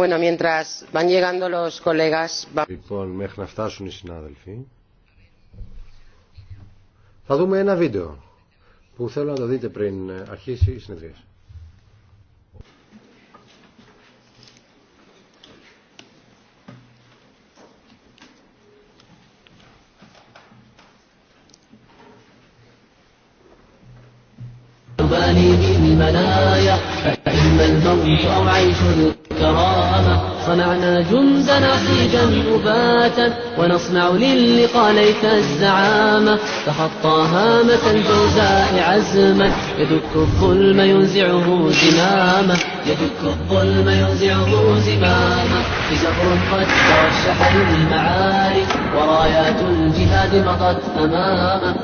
Bueno, Λοιπόν, μέχρι να φτάσουν οι συνάδελφοι, θα δούμε ένα βίντεο που θέλω να το δείτε πριν αρχίσει η συνεδρίαση. نضجا مباتا ونصنع للقى ليت الزعامة فخط هامة الجوزاء عزما يدك الظلم ينزعه زماما يدك الظلم ينزعه زماما بزهر قد ترشح للمعالي ورايات الجهاد مضت أماما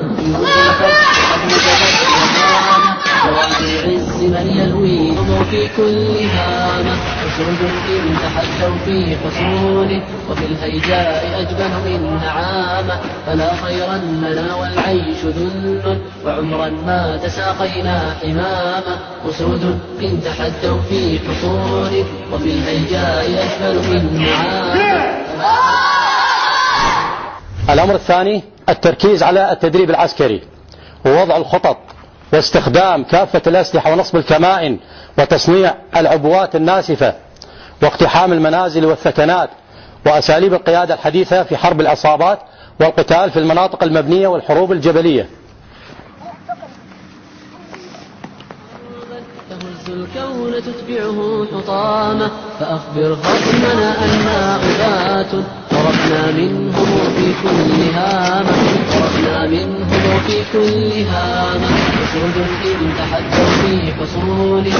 قد مواضع العز من يلويهم في كل هامة أسود إن تحجوا في حصونه وفي الهيجاء أجبن من نعامة فلا خيرا لنا والعيش ذل وعمرا ما تساقينا حمامة أسود إن تحدوا في حصونه وفي الهيجاء أجبن من نعامة الأمر الثاني التركيز على التدريب العسكري ووضع الخطط واستخدام كافة الأسلحة ونصب الكمائن وتصنيع العبوات الناسفة واقتحام المنازل والثكنات وأساليب القيادة الحديثة في حرب العصابات والقتال في المناطق المبنية والحروب الجبلية الكون تتبعه حطامة فأخبر خصمنا ضربنا منهم في كل هامة ضربنا منهم في كل هامة أسود إن تحدوا في حصوله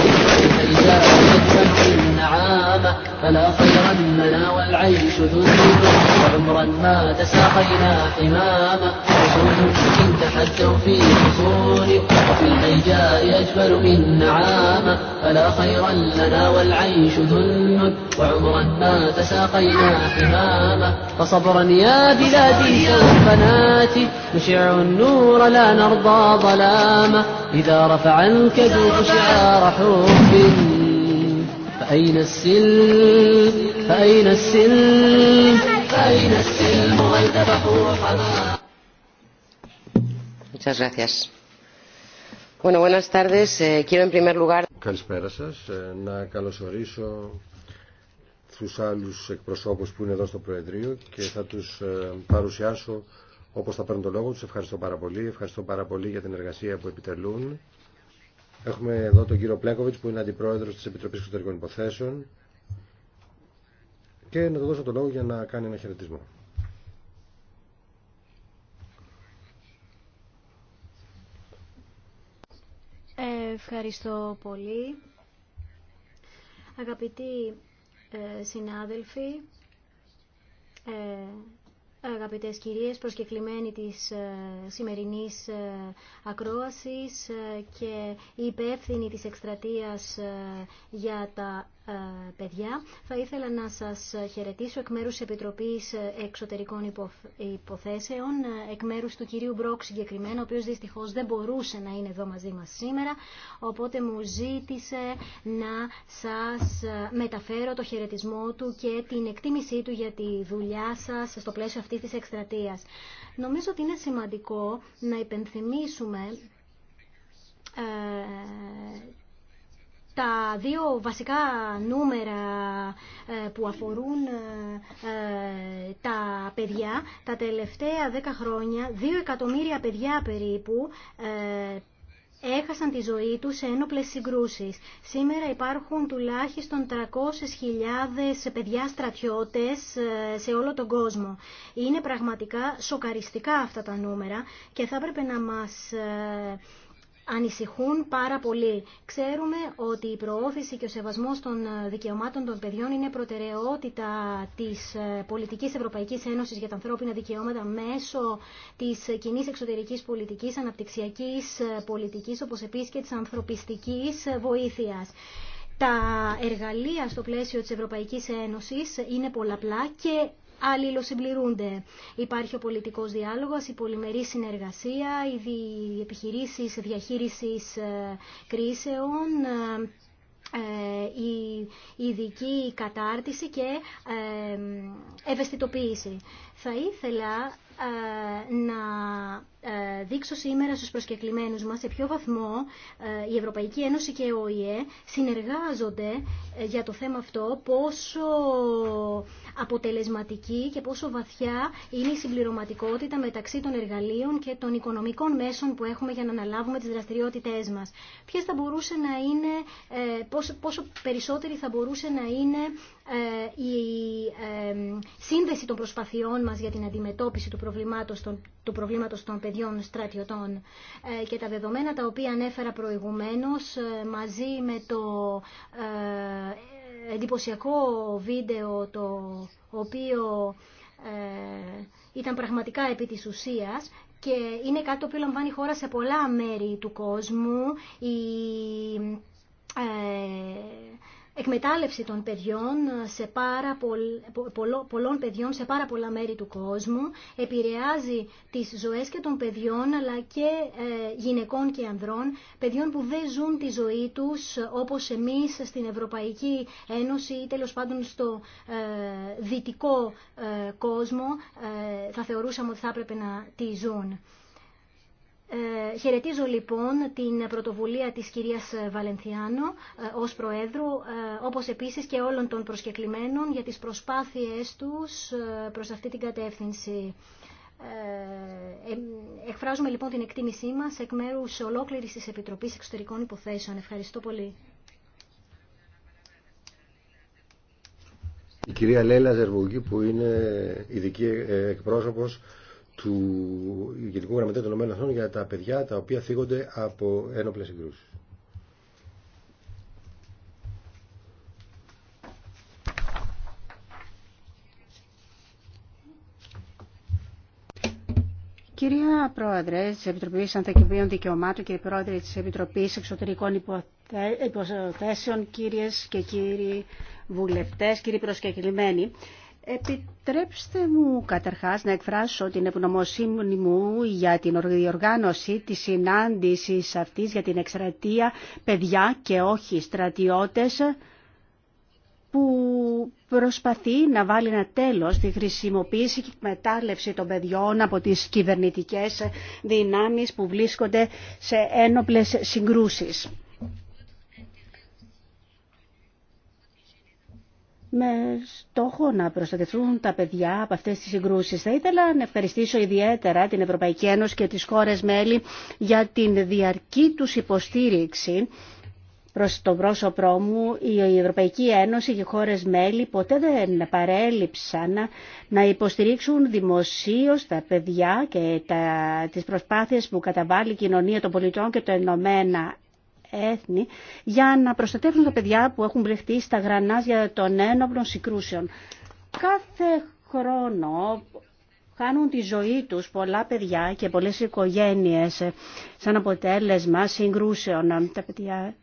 إذا جاء نجمة النعامة فلا خير لنا والعيش ذنب وعمرا ما تساقينا حماما أسود إن تحدوا في حصوله وفي الهيجاء أجمل من نعامة فلا خير لنا والعيش ذنب وعمرا ما تساقينا حماما فصبرا يا بلادي يا ناتي نشع النور لا نرضى ظلاما إذا رفع الكذوب شعار حب فأين السلم فأين السلم فأين السلم والذبح Muchas gracias. Bueno, buenas tardes. Eh, quiero en primer lugar... Καλησπέρα σας. Να καλωσορίσω τους άλλους εκπροσώπους που είναι εδώ στο Προεδρείο και θα τους ε, παρουσιάσω όπως θα παίρνουν το λόγο τους. Ευχαριστώ πάρα πολύ. Ευχαριστώ πάρα πολύ για την εργασία που επιτελούν. Έχουμε εδώ τον κύριο Πλέκοβιτς που είναι αντιπρόεδρος της Επιτροπής Εξωτερικών Υποθέσεων και να του δώσω το λόγο για να κάνει ένα χαιρετισμό. Ευχαριστώ πολύ. Αγαπητοί ε, συνάδελφοι, ε, αγαπητές κυρίες, προσκεκλημένοι της ε, σημερινής ακρόασης και υπεύθυνοι της εκστρατείας για τα ε, παιδιά. Θα ήθελα να σας χαιρετήσω εκ μέρους της Επιτροπής Εξωτερικών Υποθέσεων, εκ μέρους του κυρίου Μπρόκ συγκεκριμένα, ο οποίος δυστυχώς δεν μπορούσε να είναι εδώ μαζί μας σήμερα, οπότε μου ζήτησε να σας μεταφέρω το χαιρετισμό του και την εκτίμησή του για τη δουλειά σας στο πλαίσιο αυτής της εκστρατείας. Νομίζω ότι είναι σημαντικό να υπενθυμίσουμε ε, τα δύο βασικά νούμερα ε, που αφορούν ε, ε, τα παιδιά τα τελευταία δέκα χρόνια, δύο εκατομμύρια παιδιά περίπου έχασαν τη ζωή τους σε ένοπλες συγκρούσεις. Σήμερα υπάρχουν τουλάχιστον 300.000 παιδιά στρατιώτες σε όλο τον κόσμο. Είναι πραγματικά σοκαριστικά αυτά τα νούμερα και θα έπρεπε να μας ανησυχούν πάρα πολύ. Ξέρουμε ότι η προώθηση και ο σεβασμός των δικαιωμάτων των παιδιών είναι προτεραιότητα της ε, πολιτικής Ευρωπαϊκής Ένωσης για τα ανθρώπινα δικαιώματα μέσω της κοινή εξωτερικής πολιτικής, αναπτυξιακής ε, πολιτικής, όπως επίσης και της ανθρωπιστικής ε, βοήθειας. Τα εργαλεία στο πλαίσιο της Ευρωπαϊκής Ένωσης είναι πολλαπλά και αλληλοσυμπληρούνται. Υπάρχει ο πολιτικός διάλογος, η πολυμερή συνεργασία, οι επιχειρήσει διαχείρισης ε, κρίσεων, ε, ε, η ειδική κατάρτιση και ευαισθητοποίηση. Θα ήθελα ε, να ε, δείξω σήμερα στους προσκεκλημένους μας σε ποιο βαθμό ε, η Ευρωπαϊκή Ένωση και ο ΙΕ συνεργάζονται για το θέμα αυτό, πόσο αποτελεσματική και πόσο βαθιά είναι η συμπληρωματικότητα μεταξύ των εργαλείων και των οικονομικών μέσων που έχουμε για να αναλάβουμε τις δραστηριότητές μας. Ποιες θα μπορούσε να είναι, πόσο, πόσο περισσότερη θα μπορούσε να είναι η σύνδεση των προσπαθειών μας για την αντιμετώπιση του προβλήματος των, του παιδιών στρατιωτών ε, και τα δεδομένα τα οποία ανέφερα προηγουμένως ε, μαζί με το ε, εντυπωσιακό βίντεο το οποίο ήταν πραγματικά επί της ουσίας και είναι κάτι το οποίο λαμβάνει χώρα σε πολλά μέρη του κόσμου. Η, εκμετάλλευση των παιδιών σε πάρα πολλών παιδιών σε πάρα πολλά μέρη του κόσμου, επηρεάζει τις ζωές και των παιδιών αλλά και ε, γυναικών και ανδρών, παιδιών που δεν ζουν τη ζωή τους όπως εμείς στην Ευρωπαϊκή Ένωση ή τέλος πάντων στο ε, δυτικό ε, κόσμο θα θεωρούσαμε ότι θα έπρεπε να τη ζουν. Ε, χαιρετίζω λοιπόν την πρωτοβουλία της κυρίας Βαλενθιάνο ε, ως Προέδρου, ε, όπως επίσης και όλων των προσκεκλημένων για τις προσπάθειές τους ε, προς αυτή την κατεύθυνση. Εκφράζουμε λοιπόν την εκτίμησή μας εκ μέρους ολόκληρης της Επιτροπής Εξωτερικών Υποθέσεων. Ευχαριστώ πολύ. Η κυρία Λέλα Ζερβούγκη που είναι ειδική εκπρόσωπος του Γενικού Γραμματέα των ΗΠΑ για τα παιδιά τα οποία θίγονται από ένοπλε συγκρούσει. Κυρία Πρόεδρε τη Επιτροπή Ανθεκιβίων Δικαιωμάτων, και Πρόεδρε τη Επιτροπή Εξωτερικών Υποθέσεων, κυρίε και κύριοι βουλευτέ, κύριοι προσκεκλημένοι, Επιτρέψτε μου καταρχάς να εκφράσω την ευγνωμοσύνη μου για την οργάνωση της συνάντησης αυτής για την εξτρατεία παιδιά και όχι στρατιώτες που προσπαθεί να βάλει ένα τέλος στη χρησιμοποίηση και εκμετάλλευση των παιδιών από τις κυβερνητικές δυνάμεις που βρίσκονται σε ένοπλες συγκρούσεις. με στόχο να προστατευτούν τα παιδιά από αυτές τις συγκρούσεις. Θα ήθελα να ευχαριστήσω ιδιαίτερα την Ευρωπαϊκή Ένωση και τις χώρες μέλη για την διαρκή τους υποστήριξη προς το πρόσωπρό μου, η Ευρωπαϊκή Ένωση και οι χώρες μέλη ποτέ δεν παρέλειψαν να υποστηρίξουν δημοσίως τα παιδιά και τι τις προσπάθειες που καταβάλει η κοινωνία των πολιτών και το Ηνωμένα έθνη για να προστατεύσουν τα παιδιά που έχουν βρεθεί στα γρανάζια των ένοπλων συγκρούσεων. Κάθε χρόνο χάνουν τη ζωή τους πολλά παιδιά και πολλές οικογένειες σαν αποτέλεσμα συγκρούσεων. Τα παιδιά,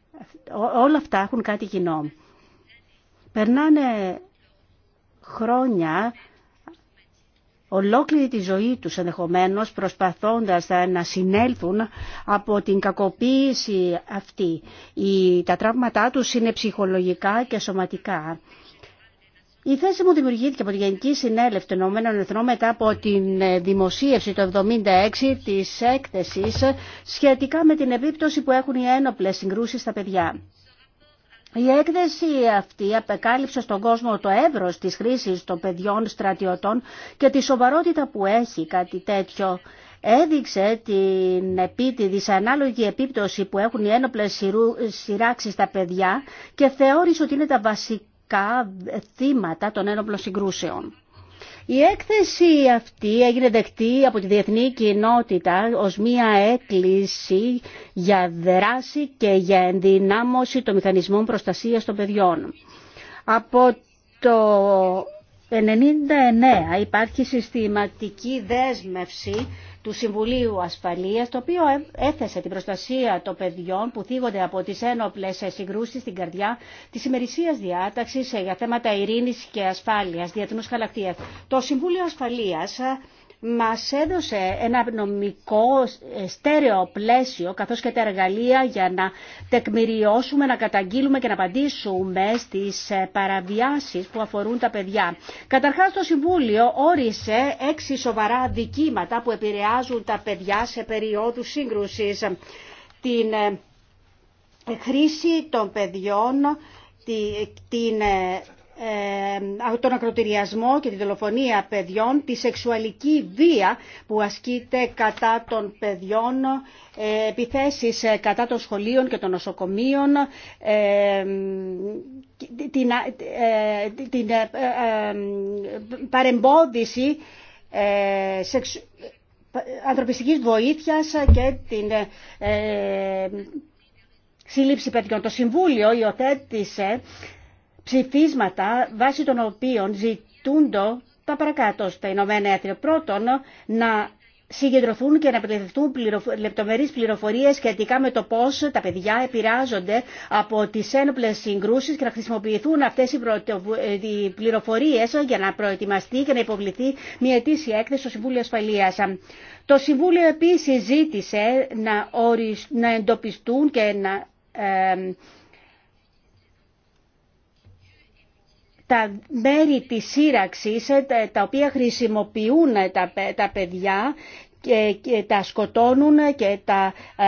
όλα αυτά έχουν κάτι κοινό. Περνάνε χρόνια ολόκληρη τη ζωή τους ενδεχομένω προσπαθώντας να συνέλθουν από την κακοποίηση αυτή. Τα τραύματά τους είναι ψυχολογικά και σωματικά. Η θέση μου δημιουργήθηκε από τη Γενική Συνέλευση των Ηνωμένων Εθνών μετά από την ε, δημοσίευση το 1976 της έκθεσης σχετικά με την επίπτωση που έχουν οι ένοπλες συγκρούσεις στα παιδιά. Η έκθεση αυτή απεκάλυψε στον κόσμο το εύρος της χρήσης των παιδιών στρατιωτών και τη σοβαρότητα που έχει κάτι τέτοιο. Έδειξε την σε ανάλογη επίπτωση που έχουν οι ένοπλες σειράξεις στα παιδιά και θεώρησε ότι είναι τα βασικά θύματα των ένοπλων συγκρούσεων. Η έκθεση αυτή έγινε δεκτή από τη διεθνή κοινότητα ως μία έκκληση για δράση και για ενδυνάμωση των μηχανισμών προστασίας των παιδιών. Από το 1999 υπάρχει συστηματική δέσμευση του Συμβουλίου Ασφαλείας, το οποίο ε, έθεσε την προστασία των παιδιών που θίγονται από τις ένοπλες συγκρούσεις στην καρδιά της ημερησίας διάταξη ε, για θέματα ειρήνης και ασφάλειας διεθνούς χαρακτήρα. Το Συμβούλιο Ασφαλείας ε, μας έδωσε ένα νομικό στέρεο πλαίσιο καθώς και τα εργαλεία για να τεκμηριώσουμε, να καταγγείλουμε και να απαντήσουμε στις ε, παραβιάσεις που αφορούν τα παιδιά. Καταρχάς το Συμβούλιο όρισε έξι σοβαρά δικήματα που επηρεάζουν τα παιδιά σε περίοδους σύγκρουσης. Την ε, χρήση των παιδιών την ε, ε, τον ακροτηριασμό και τη δολοφονία παιδιών, τη σεξουαλική βία που ασκείται κατά των παιδιών, ε, επιθέσεις ε, κατά των σχολείων και των νοσοκομείων, την παρεμπόδιση ανθρωπιστικής βοήθειας και την σύλληψη παιδιών. Το Συμβούλιο υιοθέτησε ψηφίσματα βάσει των οποίων ζητούντο τα παρακάτω στα Ηνωμένα Έθνη. Πρώτον, να συγκεντρωθούν και να επιτευχθούν πληροφορίες, λεπτομερείς πληροφορίες σχετικά με το πώς τα παιδιά επηρεάζονται από τις ένοπλες συγκρούσεις και να χρησιμοποιηθούν αυτές οι ε, πληροφορίες για να προετοιμαστεί και να υποβληθεί μια ετήσια έκθεση στο Συμβούλιο Ασφαλείας. Το Συμβούλιο επίσης ζήτησε να, να εντοπιστούν και να ε, τα μέρη της σύραξης ε, τα οποία χρησιμοποιούν ε, τα παιδιά και τα σκοτώνουν και τα ε,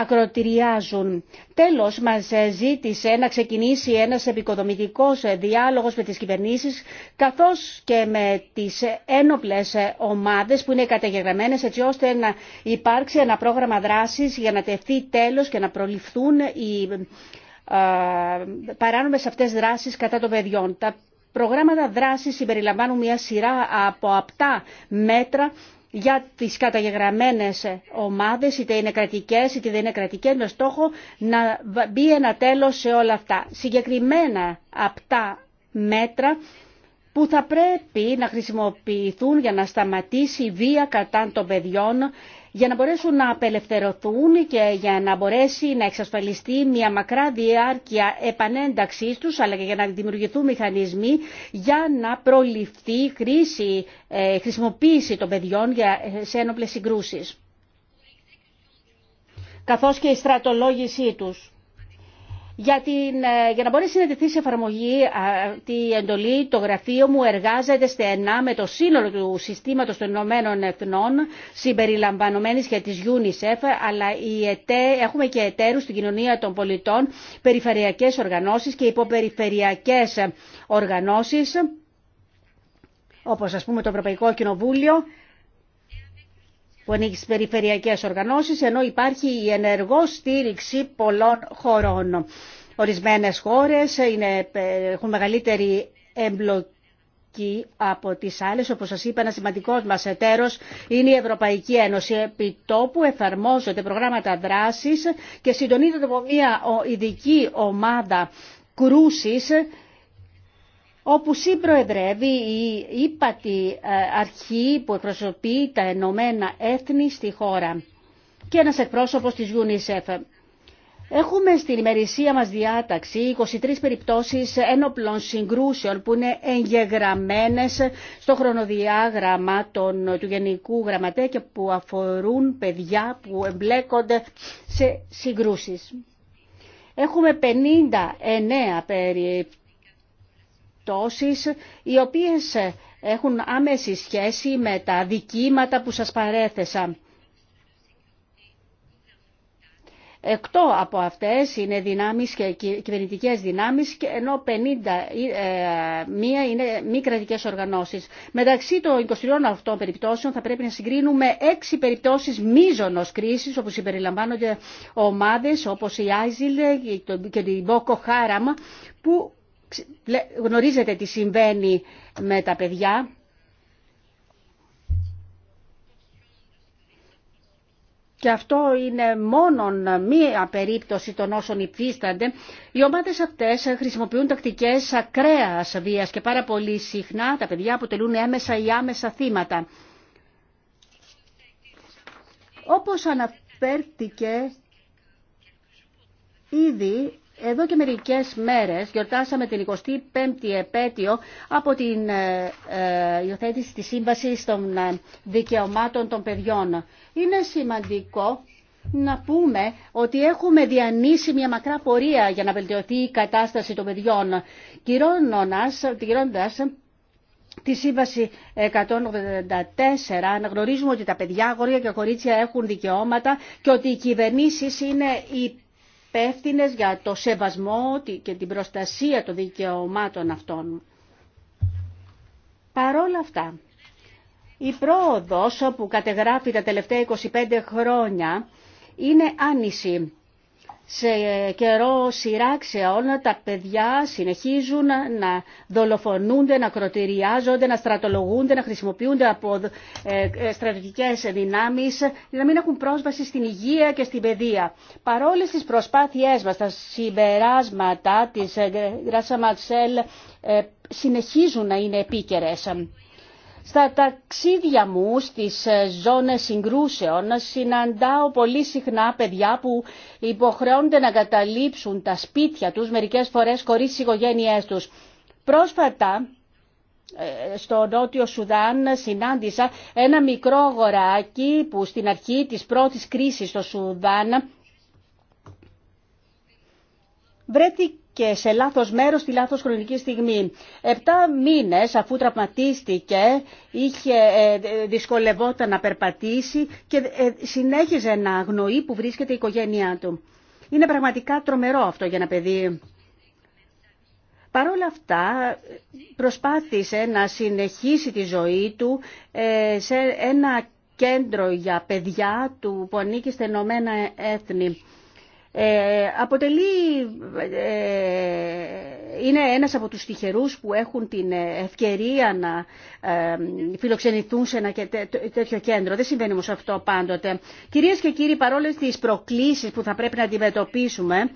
ακροτηριάζουν. Τέλος, μας ζήτησε να ξεκινήσει ένας επικοδομητικός διάλογος με τις κυβερνήσεις καθώς και με τις ένοπλες ομάδες που είναι καταγεγραμμένες έτσι ώστε να υπάρξει ένα πρόγραμμα δράσης για να τεθεί τέλος και να προληφθούν οι παράνομες αυτές δράσεις κατά των παιδιών. Τα προγράμματα δράσης συμπεριλαμβάνουν μια σειρά από απτά μέτρα για τις καταγεγραμμένες ομάδες, είτε είναι κρατικές είτε δεν είναι κρατικές, με στόχο να μπει ένα τέλος σε όλα αυτά. Συγκεκριμένα απτά μέτρα που θα πρέπει να χρησιμοποιηθούν για να σταματήσει η βία κατά των παιδιών για να μπορέσουν να απελευθερωθούν και για να μπορέσει να εξασφαλιστεί μια μακρά διάρκεια επανένταξή τους αλλά και για να δημιουργηθούν μηχανισμοί για να προληφθεί η ε, χρησιμοποίηση των παιδιών για, ε, σε ένοπλες συγκρούσεις καθώς και η στρατολόγησή τους. Για, την, ε, για να μπορέσει να σε εφαρμογή ε, τη εντολή, το γραφείο μου εργάζεται στενά με το σύνολο του συστήματος των Ηνωμένων Εθνών, συμπεριλαμβανομένης και της UNICEF, αλλά η ΕΤΕ, έχουμε και εταίρους στην κοινωνία των πολιτών, περιφερειακές οργανώσεις και υποπεριφερειακές οργανώσεις, όπως α πούμε το Ευρωπαϊκό Κοινοβούλιο, που ανοίγει στι περιφερειακές οργανώσεις, ενώ υπάρχει η ενεργό στήριξη πολλών χωρών. Ορισμένες χώρες ε, έχουν μεγαλύτερη εμπλοκή από τις άλλες, όπως σας είπα, ένα σημαντικός μας εταίρος είναι η Ευρωπαϊκή Ένωση. Επί τόπου εφαρμόζονται προγράμματα δράσης και συντονίζονται από μια ειδική ομάδα κρούσης όπου συμπροεδρεύει η ύπατη ε, αρχή που εκπροσωπεί τα Ενωμένα Έθνη στη χώρα και ένας εκπρόσωπος της UNICEF. Έχουμε στην ημερησία μας διάταξη 23 περιπτώσεις ένοπλων συγκρούσεων που είναι εγγεγραμμένες στο χρονοδιάγραμμα των, του Γενικού Γραμματέα και που αφορούν παιδιά που εμπλέκονται σε συγκρούσεις. Έχουμε 59 περιπτώσεις περιπτώσεις οι οποίες έχουν άμεση σχέση με τα δικήματα που σας παρέθεσα. Εκτό από αυτές είναι δυνάμεις και κυβερνητικές δυνάμεις, ενώ 50 ε, μία είναι μη κρατικέ οργανώσεις. Μεταξύ των 23 αυτών περιπτώσεων θα πρέπει να συγκρίνουμε έξι περιπτώσεις μίζωνος κρίσης, όπου συμπεριλαμβάνονται ομάδες όπως η Άιζιλ και την Μπόκο Χάραμα, που γνωρίζετε τι συμβαίνει με τα παιδιά. Και αυτό είναι μόνο μία περίπτωση των όσων υφίστανται. Οι ομάδες αυτές χρησιμοποιούν τακτικές ακραίας βίας και πάρα πολύ συχνά τα παιδιά αποτελούν έμεσα ή άμεσα θύματα. Όπως αναφέρθηκε ήδη εδώ και μερικές μέρες γιορτάσαμε την 25η επέτειο από την ε, ε, υιοθέτηση της Σύμβασης των ε, Δικαιωμάτων των Παιδιών. Είναι σημαντικό να πούμε ότι έχουμε διανύσει μια μακρά πορεία για να βελτιωθεί η κατάσταση των παιδιών, κυρώνοντας τη Σύμβαση 184 αναγνωρίζουμε ότι τα παιδιά, αγόρια και κορίτσια έχουν δικαιώματα και ότι οι κυβερνήσεις είναι οι υπεύθυνε για το σεβασμό και την προστασία των δικαιωμάτων αυτών. Παρόλα αυτά, η πρόοδος που κατεγράφει τα τελευταία 25 χρόνια είναι άνηση σε καιρό όλα τα παιδιά συνεχίζουν να δολοφονούνται, να κροτηριάζονται, να στρατολογούνται, να χρησιμοποιούνται από ε, ε, στρατηγικές δυνάμεις για να μην έχουν πρόσβαση στην υγεία και στην παιδεία. Παρόλες τις προσπάθειές μας, τα συμπεράσματα της ε, Γκράσα συνεχίζουν να είναι επίκαιρες. Στα ταξίδια μου στις ε, ζώνες συγκρούσεων συναντάω πολύ συχνά παιδιά που υποχρεώνται να καταλήψουν τα σπίτια τους μερικές φορές χωρίς τις οικογένειές τους. Πρόσφατα ε, στο Νότιο Σουδάν συνάντησα ένα μικρό αγοράκι που στην αρχή της πρώτης κρίσης στο Σουδάν βρέθηκε και σε λάθος μέρος τη λάθος χρονική στιγμή. Επτά μήνες αφού τραυματίστηκε είχε, ε, δυσκολευόταν να περπατήσει και ε, συνέχιζε να αγνοεί που βρίσκεται η οικογένειά του. Είναι πραγματικά τρομερό αυτό για ένα παιδί. Παρ' όλα αυτά προσπάθησε να συνεχίσει τη ζωή του ε, σε ένα κέντρο για παιδιά του που ανήκει στα Ηνωμένα Έθνη. Ε, αποτελεί, ε, είναι ένας από τους τυχερούς που έχουν την ευκαιρία να ε, φιλοξενηθούν σε ένα τέτοιο κέντρο. Δεν συμβαίνει όμως αυτό πάντοτε. Κυρίες και κύριοι, παρόλες τις προκλήσεις που θα πρέπει να αντιμετωπίσουμε,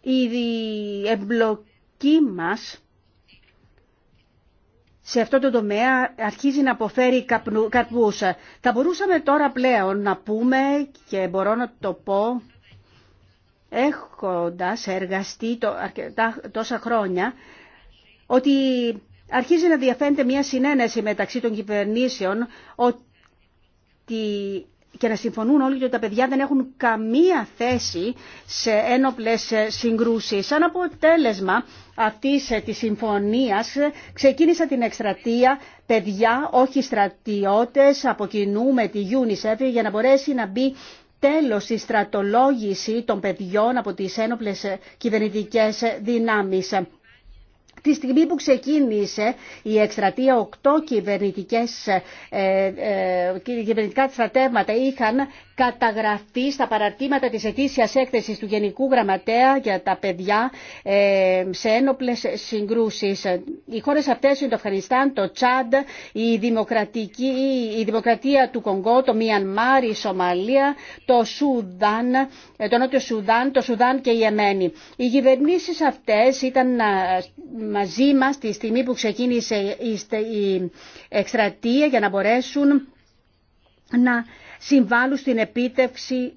η εμπλοκή μας σε αυτό το τομέα αρχίζει να αποφέρει καρπούς. Θα μπορούσαμε τώρα πλέον να πούμε και μπορώ να το πω έχοντας εργαστεί το, τόσα χρόνια ότι αρχίζει να διαφαίνεται μια συνένεση μεταξύ των κυβερνήσεων ότι και να συμφωνούν όλοι ότι τα παιδιά δεν έχουν καμία θέση σε ένοπλες συγκρούσεις. Σαν αποτέλεσμα αυτής της συμφωνίας ξεκίνησα την εκστρατεία «Παιδιά, όχι στρατιώτες» από κοινού με τη UNICEF για να μπορέσει να μπει τέλος η στρατολόγηση των παιδιών από τις ένοπλες κυβερνητικές δυνάμεις τη στιγμή που ξεκίνησε η εκστρατεία, οκτώ ε, ε, κυβερνητικά στρατεύματα είχαν καταγραφεί στα παραρτήματα της ετήσιας έκθεσης του Γενικού Γραμματέα για τα παιδιά ε, σε ένοπλες συγκρούσεις. Οι χώρες αυτές είναι το Αφγανιστάν, το Τσάντ, η, δημοκρατική, η Δημοκρατία του Κονγκό, το Μιανμάρ, η Σομαλία, το Σουδάν, ε, το Νότιο Σουδάν, το Σουδάν και η Εμένη. Οι κυβερνήσεις αυτές ήταν ε, μαζί μας τη στιγμή που ξεκίνησε η εκστρατεία για να μπορέσουν να συμβάλλουν στην επίτευξη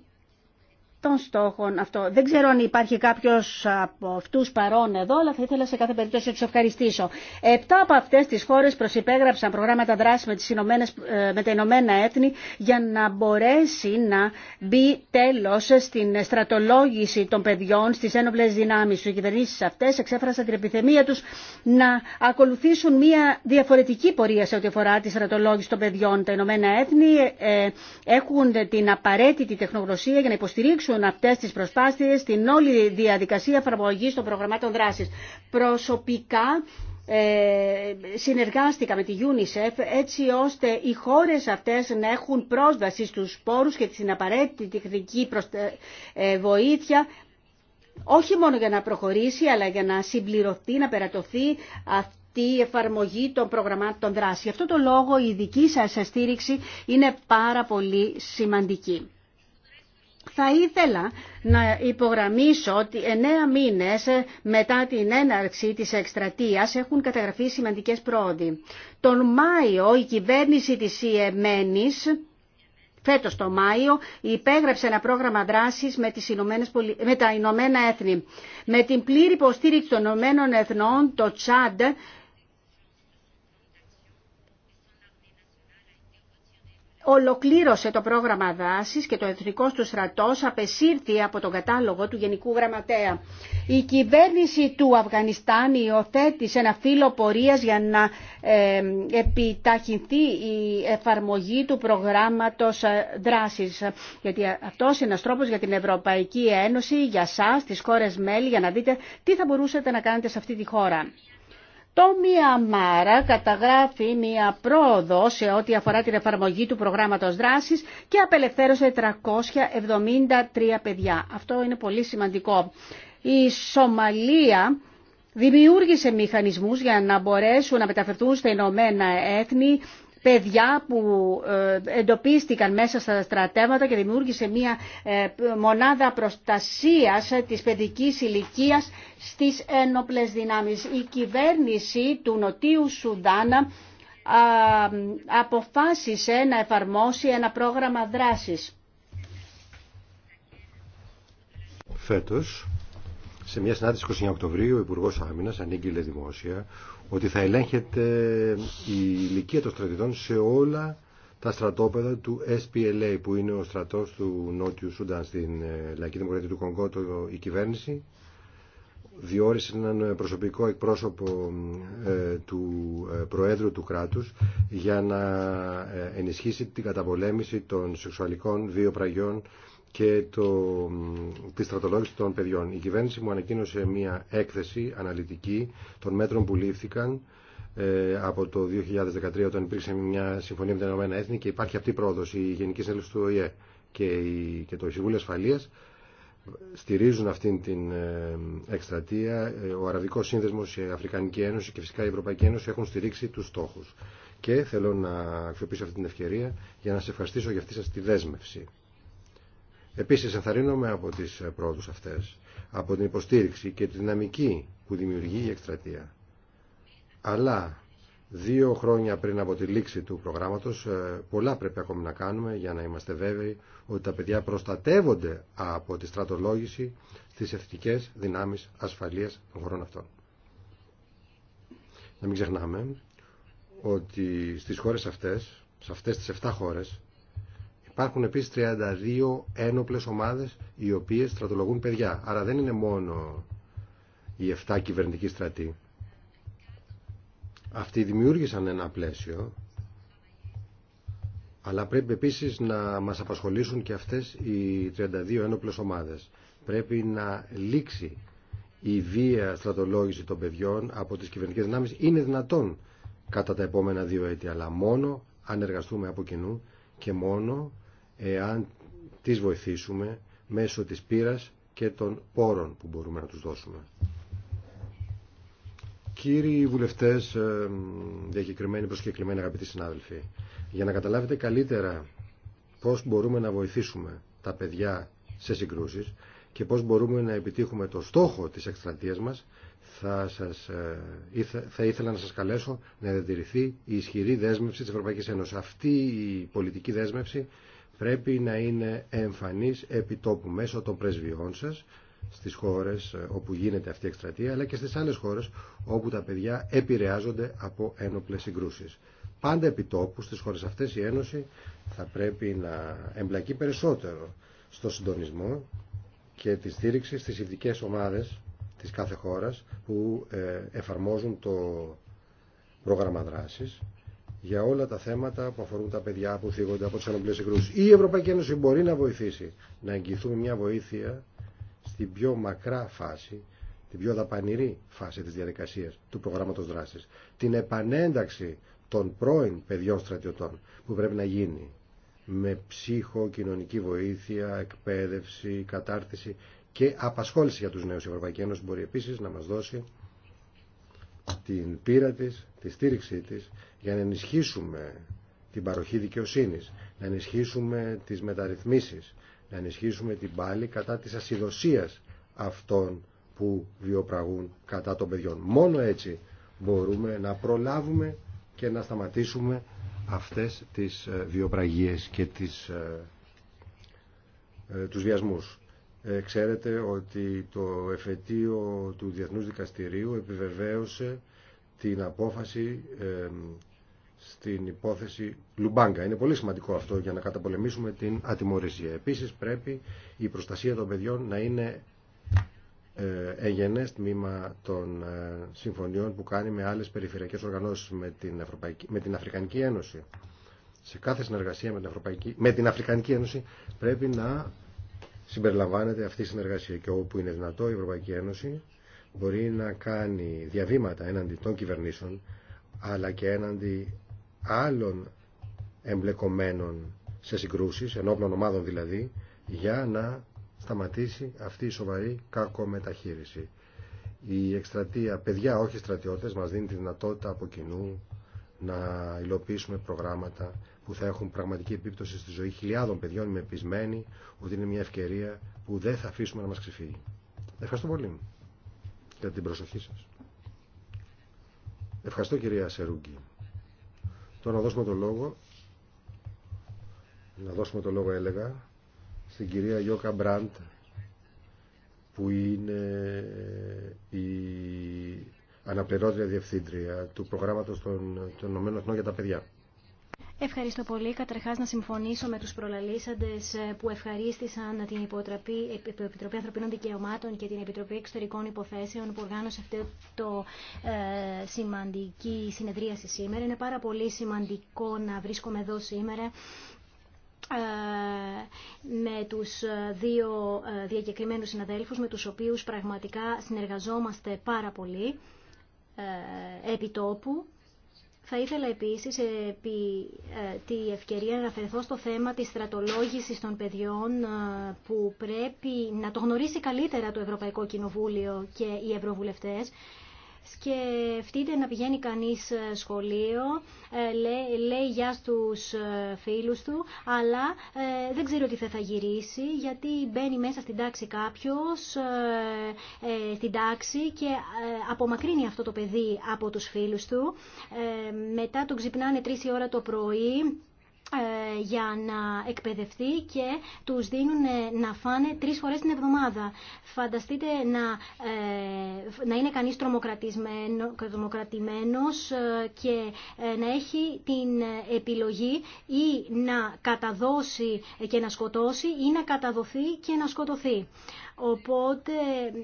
των στόχων αυτό. Δεν ξέρω αν υπάρχει κάποιος από αυτούς παρόν εδώ, αλλά θα ήθελα σε κάθε περίπτωση να τους ευχαριστήσω. Επτά από αυτές τις χώρες προσυπέγραψαν προγράμματα δράση με, τις Ηνωμένες, ε, με τα Ηνωμένα Έθνη για να μπορέσει να μπει τέλος στην στρατολόγηση των παιδιών στις ένοπλες δυνάμεις. Οι κυβερνήσει αυτές εξέφρασαν την επιθυμία τους να ακολουθήσουν μια διαφορετική πορεία σε ό,τι αφορά τη στρατολόγηση των παιδιών. Τα Ηνωμένα Έθνη ε, ε, έχουν την απαραίτητη τεχνογνωσία για να υποστηρίξουν Αυτέ αυτές τις προσπάθειες στην όλη διαδικασία εφαρμογή των προγραμμάτων δράση. Προσωπικά ε, συνεργάστηκα με τη UNICEF έτσι ώστε οι χώρες αυτές να έχουν πρόσβαση στους πόρους και την απαραίτητη τεχνική ε, ε, βοήθεια όχι μόνο για να προχωρήσει αλλά για να συμπληρωθεί, να περατωθεί αυτή η εφαρμογή των προγραμμάτων δράση. Γι' αυτό το λόγο η δική σας στήριξη είναι πάρα πολύ σημαντική. Θα ήθελα να υπογραμμίσω ότι εννέα μήνες μετά την έναρξη της εκστρατείας έχουν καταγραφεί σημαντικές πρόοδοι. Τον Μάιο η κυβέρνηση της Ιεμένης Φέτος το Μάιο υπέγραψε ένα πρόγραμμα δράσης με, τις με τα Ηνωμένα Έθνη. Με την πλήρη υποστήριξη των Ηνωμένων Εθνών το Τσάντ ολοκλήρωσε το πρόγραμμα δάσης και το εθνικό του στρατός απεσύρθη από τον κατάλογο του Γενικού Γραμματέα. Η κυβέρνηση του Αφγανιστάν υιοθέτησε ένα φύλλο πορείας για να επιταχυνθεί η εφαρμογή του προγράμματος ε, δράσης. Γιατί αυτός είναι ένας τρόπος για την Ευρωπαϊκή Ένωση, για σας, τις χώρες μέλη, για να δείτε τι θα μπορούσατε να κάνετε σε αυτή τη χώρα. Το Μιαμάρα καταγράφει μια πρόοδο σε ό,τι αφορά την εφαρμογή του προγράμματος δράσης και απελευθέρωσε 373 παιδιά. Αυτό είναι πολύ σημαντικό. Η Σομαλία δημιούργησε μηχανισμούς για να μπορέσουν να μεταφερθούν στα Ηνωμένα Έθνη παιδιά που ε, εντοπίστηκαν μέσα στα στρατεύματα και δημιούργησε μια ε, μονάδα προστασίας της παιδικής ηλικίας στις ένοπλες δυνάμεις. Η κυβέρνηση του Νοτίου Σουδάνα αποφάσισε να εφαρμόσει ένα πρόγραμμα δράσης. Φέτος, σε μια συνάντηση 29 Οκτωβρίου, ο Υπουργός Άμυνας ανήγγειλε δημόσια ότι θα ελέγχεται η ηλικία των στρατιωτών σε όλα τα στρατόπεδα του SPLA που είναι ο στρατός του Νότιου Σούνταν στην ε, Λαϊκή Δημοκρατία του Κονγκό η κυβέρνηση διόρισε έναν προσωπικό εκπρόσωπο ε, του ε, Προέδρου του κράτους για να ενισχύσει την καταπολέμηση των σεξουαλικών βιοπραγιών και το, τη στρατολόγηση των παιδιών. Η κυβέρνηση μου ανακοίνωσε μια έκθεση αναλυτική των μέτρων που λήφθηκαν ε, από το 2013 όταν υπήρξε μια συμφωνία με τα Ηνωμένα Έθνη και υπάρχει αυτή η πρόοδος, η Γενική Συνέλευση του ΟΗΕ και, το Συμβούλιο Ασφαλείας στηρίζουν αυτήν την ε, εκστρατεία. Ο Αραβικός Σύνδεσμος, η Αφρικανική Ένωση και φυσικά η Ευρωπαϊκή Ένωση έχουν στηρίξει τους στόχους. Και θέλω να αξιοποιήσω αυτή την ευκαιρία για να σε ευχαριστήσω για αυτή σας τη δέσμευση. Επίσης ενθαρρύνομαι από τις πρόοδους αυτές, από την υποστήριξη και τη δυναμική που δημιουργεί η εκστρατεία. Αλλά δύο χρόνια πριν από τη λήξη του προγράμματος ε, πολλά πρέπει ακόμη να κάνουμε για να είμαστε βέβαιοι ότι τα παιδιά προστατεύονται από τη στρατολόγηση στις εθνικές δυνάμεις ασφαλείας των χωρών αυτών. Να μην ξεχνάμε ότι στις χώρες αυτές, σε αυτές τις 7 χώρες, Υπάρχουν επίσης 32 ένοπλες ομάδες οι οποίες στρατολογούν παιδιά. Άρα δεν είναι μόνο οι 7 κυβερνητικοί στρατοί. Αυτοί δημιούργησαν ένα πλαίσιο, αλλά πρέπει επίσης να μας απασχολήσουν και αυτές οι 32 ένοπλες ομάδες. Πρέπει να λήξει η βία στρατολόγηση των παιδιών από τις κυβερνητικές δυνάμεις. Είναι δυνατόν κατά τα επόμενα δύο έτη, αλλά μόνο αν εργαστούμε από κοινού και μόνο εάν τις βοηθήσουμε μέσω της πείρας και των πόρων που μπορούμε να τους δώσουμε. Κύριοι βουλευτές, ε, διακεκριμένοι προσκεκλημένοι αγαπητοί συνάδελφοι, για να καταλάβετε καλύτερα πώς μπορούμε να βοηθήσουμε τα παιδιά σε συγκρούσεις και πώς μπορούμε να επιτύχουμε το στόχο της εκστρατείας μας, θα, σας, ε, θα ήθελα να σας καλέσω να διατηρηθεί η ισχυρή δέσμευση της Ευρωπαϊκής Ένωσης. Αυτή η πολιτική δέσμευση πρέπει να είναι εμφανής επιτόπου μέσω των πρεσβειών σας στις χώρες ε, όπου γίνεται αυτή η εκστρατεία αλλά και στις άλλες χώρες όπου τα παιδιά επηρεάζονται από ένοπλες συγκρούσεις. Πάντα επιτόπου στις χώρες αυτές η Ένωση θα πρέπει να εμπλακεί περισσότερο στο συντονισμό και τη στήριξη στις ειδικέ ομάδες της κάθε χώρας που ε, εφαρμόζουν το πρόγραμμα δράσης για όλα τα θέματα που αφορούν τα παιδιά που θίγονται από τι ανοπλέ συγκρούσει. Η Ευρωπαϊκή Ένωση μπορεί να βοηθήσει να εγγυηθούμε μια βοήθεια στην πιο μακρά φάση, την πιο δαπανηρή φάση τη διαδικασία του προγράμματο δράση, Την επανένταξη των πρώην παιδιών στρατιωτών που πρέπει να γίνει με ψυχοκοινωνική βοήθεια, εκπαίδευση, κατάρτιση και απασχόληση για τους νέους. Η Ευρωπαϊκή Ένωση μπορεί επίσης να μας δώσει την πείρα της, τη στήριξή της για να ενισχύσουμε την παροχή δικαιοσύνης, να ενισχύσουμε τις μεταρρυθμίσεις, να ενισχύσουμε την πάλη κατά της ασυδοσίας αυτών που βιοπραγούν κατά των παιδιών. Μόνο έτσι μπορούμε να προλάβουμε και να σταματήσουμε αυτές τις ε, βιοπραγίες και τις, ε, ε, τους βιασμούς. Ε, ξέρετε ότι το εφετείο του Διεθνούς Δικαστηρίου επιβεβαίωσε την απόφαση στην υπόθεση Λουμπάγκα. Είναι πολύ σημαντικό αυτό για να καταπολεμήσουμε την ατιμορρησία. Επίσης πρέπει η προστασία των παιδιών να είναι ε, εγενές τμήμα των ε, συμφωνιών που κάνει με άλλες περιφερειακές οργανώσεις με την, Ευρωπαϊκή, με Αφρικανική Ένωση. Σε κάθε συνεργασία με την, Ευρωπαϊκή, με την Αφρικανική Ένωση πρέπει να συμπεριλαμβάνεται αυτή η συνεργασία και όπου είναι δυνατό η Ευρωπαϊκή Ένωση μπορεί να κάνει διαβήματα έναντι των κυβερνήσεων αλλά και έναντι άλλων εμπλεκομένων σε συγκρούσεις, ενόπλων ομάδων δηλαδή, για να σταματήσει αυτή η σοβαρή κακομεταχείριση. Η εκστρατεία «Παιδιά όχι στρατιώτες» μας δίνει τη δυνατότητα από κοινού να υλοποιήσουμε προγράμματα που θα έχουν πραγματική επίπτωση στη ζωή χιλιάδων παιδιών. Είμαι πεισμένη ότι είναι μια ευκαιρία που δεν θα αφήσουμε να μας ξεφύγει. Ευχαριστώ πολύ για την προσοχή σας. Ευχαριστώ κυρία Σερούγκη. Τώρα να δώσουμε το λόγο, να δώσουμε το λόγο έλεγα, στην κυρία Γιώκα Μπραντ, που είναι η αναπληρώτρια διευθύντρια του προγράμματος των, των ΗΠΑ για τα παιδιά. Ευχαριστώ πολύ. Καταρχά, να συμφωνήσω με του προλαλήσαντε ε, που ευχαρίστησαν την Υποτροπή, Επιτροπή Ανθρωπίνων Δικαιωμάτων και την Επιτροπή Εξωτερικών Υποθέσεων που οργάνωσε αυτή το ε, σημαντική συνεδρίαση σήμερα. Είναι πάρα πολύ σημαντικό να βρίσκομαι εδώ σήμερα ε, με τους δύο ε, διακεκριμένους συναδέλφους με τους οποίους πραγματικά συνεργαζόμαστε πάρα πολύ επί θα ήθελα επίσης επί ε, τη ευκαιρία να αναφερθώ στο θέμα της στρατολόγηση των παιδιών ε, που πρέπει να το γνωρίσει καλύτερα το Ευρωπαϊκό Κοινοβούλιο και οι Ευρωβουλευτές σκεφτείτε να πηγαίνει κανείς ε, σχολείο, ε, λέει, γεια στους ε, φίλους του, αλλά δεν ξέρει ότι θα, γυρίσει, γιατί μπαίνει μέσα στην τάξη κάποιος, στην τάξη και απομακρύνει αυτό το παιδί από τους φίλους του. μετά τον ξυπνάνε τρεις ώρα το πρωί, ε, για να εκπαιδευτεί και τους δίνουν ε, να φάνε τρεις φορές την εβδομάδα. Φανταστείτε να, ε, να είναι κανείς τρομοκρατημένος και να έχει την επιλογή ή να καταδώσει και να σκοτώσει ή να καταδοθεί και να σκοτωθεί. Οπότε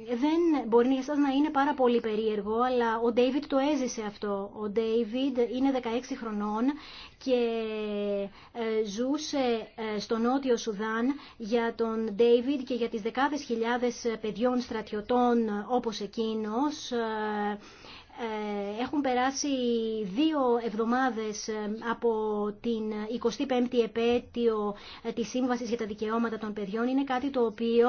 δεν μπορεί για σας να είναι πάρα πολύ περίεργο, αλλά ο Ντέιβιτ το έζησε αυτό. Ο Ντέιβιτ είναι 16 χρονών και ε, ζούσε ε, στο νότιο Σουδάν για τον Ντέιβιτ και για τις δεκάδες χιλιάδες ε, παιδιών στρατιωτών όπως εκείνος. Έχουν περάσει δύο εβδομάδες από την 25η επέτειο της Σύμβασης για τα Δικαιώματα των Παιδιών. Είναι κάτι το οποίο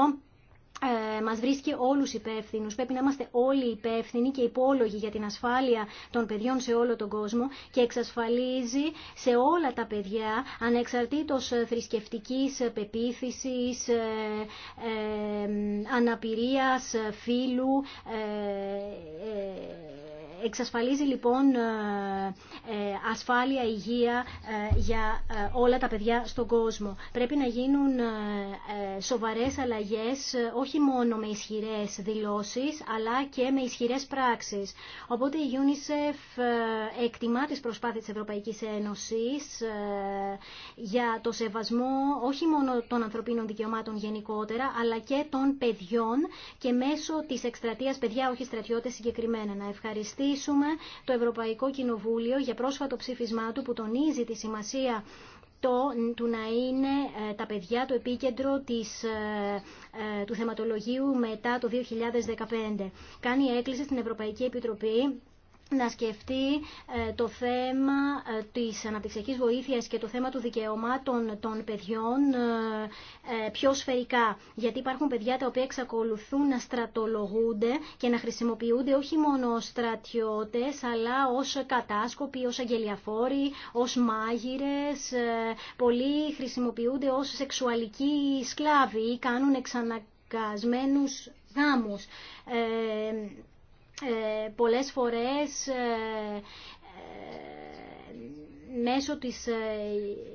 ε, μας βρίσκει όλους υπεύθυνου. Πρέπει να είμαστε όλοι υπεύθυνοι και υπόλογοι για την ασφάλεια των παιδιών σε όλο τον κόσμο και εξασφαλίζει σε όλα τα παιδιά, ανεξαρτήτως ε, θρησκευτικής ε, πεποίθησης, ε, ε, αναπηρίας, ε, φύλου, Εξασφαλίζει λοιπόν ε, ε, ασφάλεια, υγεία ε, για όλα τα παιδιά στον κόσμο. Πρέπει να γίνουν σοβαρές αλλαγές, όχι μόνο με ισχυρές δηλώσεις, αλλά και με ισχυρές πράξεις. Οπότε η UNICEF εκτιμά τις προσπάθειες της Ευρωπαϊκής Ένωσης για το σεβασμό όχι μόνο των ανθρωπίνων δικαιωμάτων γενικότερα, αλλά και των παιδιών και μέσω της εκστρατείας «Παιδιά, όχι στρατιώτες» συγκεκριμένα. Να ευχαριστήσω ευχαριστήσουμε το Ευρωπαϊκό Κοινοβούλιο για πρόσφατο ψήφισμά του που τονίζει τη σημασία του να είναι ε, τα παιδιά το επίκεντρο της, ε, ε, του θεματολογίου μετά το 2015. Κάνει έκκληση στην Ευρωπαϊκή Επιτροπή να σκεφτεί ε, το θέμα ε, της αναπτυξιακής βοήθειας και το θέμα του δικαιωμάτων των παιδιών ε, πιο σφαιρικά. Γιατί υπάρχουν παιδιά τα οποία εξακολουθούν να στρατολογούνται και να χρησιμοποιούνται όχι μόνο ως στρατιώτες, αλλά ως κατάσκοποι, ως αγγελιαφόροι, ως μάγειρες. Πολλοί χρησιμοποιούνται ως σεξουαλικοί σκλάβοι ή κάνουν εξαναγκασμένους γάμους. Ε, πολλές φορές ε, ε, μέσω της, ε,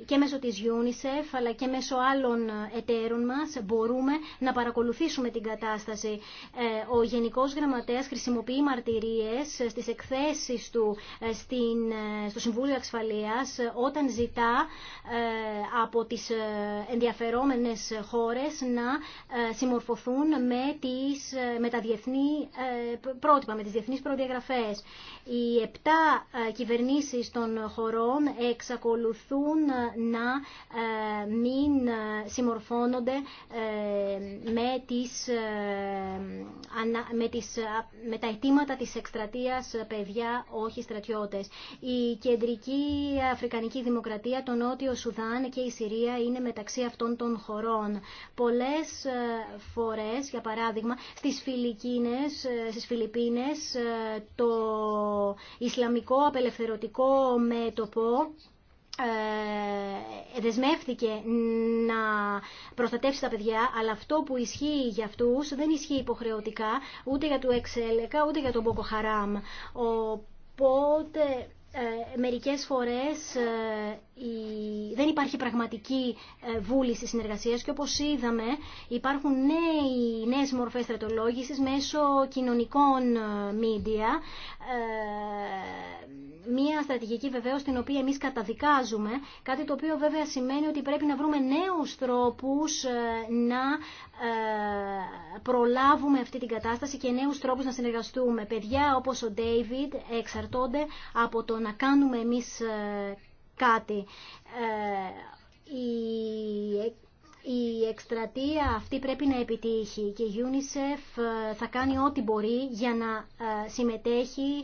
και μέσω της UNICEF αλλά και μέσω άλλων ε, εταίρων μας μπορούμε να παρακολουθήσουμε την κατάσταση. Ε, ο Γενικός Γραμματέας χρησιμοποιεί μαρτυρίες στις εκθέσεις του στην, στο Συμβούλιο Ασφαλείας όταν ζητά από τις ενδιαφερόμενες χώρες να συμμορφωθούν με, τις, με τα διεθνή πρότυπα, με τις διεθνείς προδιαγραφές. Οι επτά κυβερνήσεις των χωρών εξακολουθούν να ε, μην ε, συμμορφώνονται ε, με, τις, με, τα αιτήματα της εκστρατείας παιδιά όχι στρατιώτες. Η κεντρική Αφρικανική Δημοκρατία, το Νότιο Σουδάν και η Συρία είναι μεταξύ αυτών των χωρών. Πολλές φορές, για παράδειγμα, στις, Φιλικίνες, στις Φιλιππίνες το Ισλαμικό Απελευθερωτικό Μέτωπο ε, δεσμεύτηκε να προστατεύσει τα παιδιά, αλλά αυτό που ισχύει για αυτούς δεν ισχύει υποχρεωτικά ούτε για του Εξέλεκα ούτε για τον Μποκοχαράμ. Οπότε ε, μερικές φορές ε, δεν υπάρχει πραγματική ε, βούληση συνεργασίας και όπως είδαμε υπάρχουν νέε νέες μορφές στρατολόγησης μέσω κοινωνικών ε, media μια στρατηγική βεβαίως την οποία εμείς καταδικάζουμε, κάτι το οποίο βέβαια σημαίνει ότι πρέπει να βρούμε νέους τρόπους ε, να ε, προλάβουμε αυτή την κατάσταση και νέους τρόπους να συνεργαστούμε. Παιδιά όπως ο Ντέιβιντ εξαρτώνται από το να κάνουμε εμείς ε, κάτι. Η η εκστρατεία αυτή πρέπει να επιτύχει και η UNICEF ε, θα κάνει ό,τι μπορεί για να ε, συμμετέχει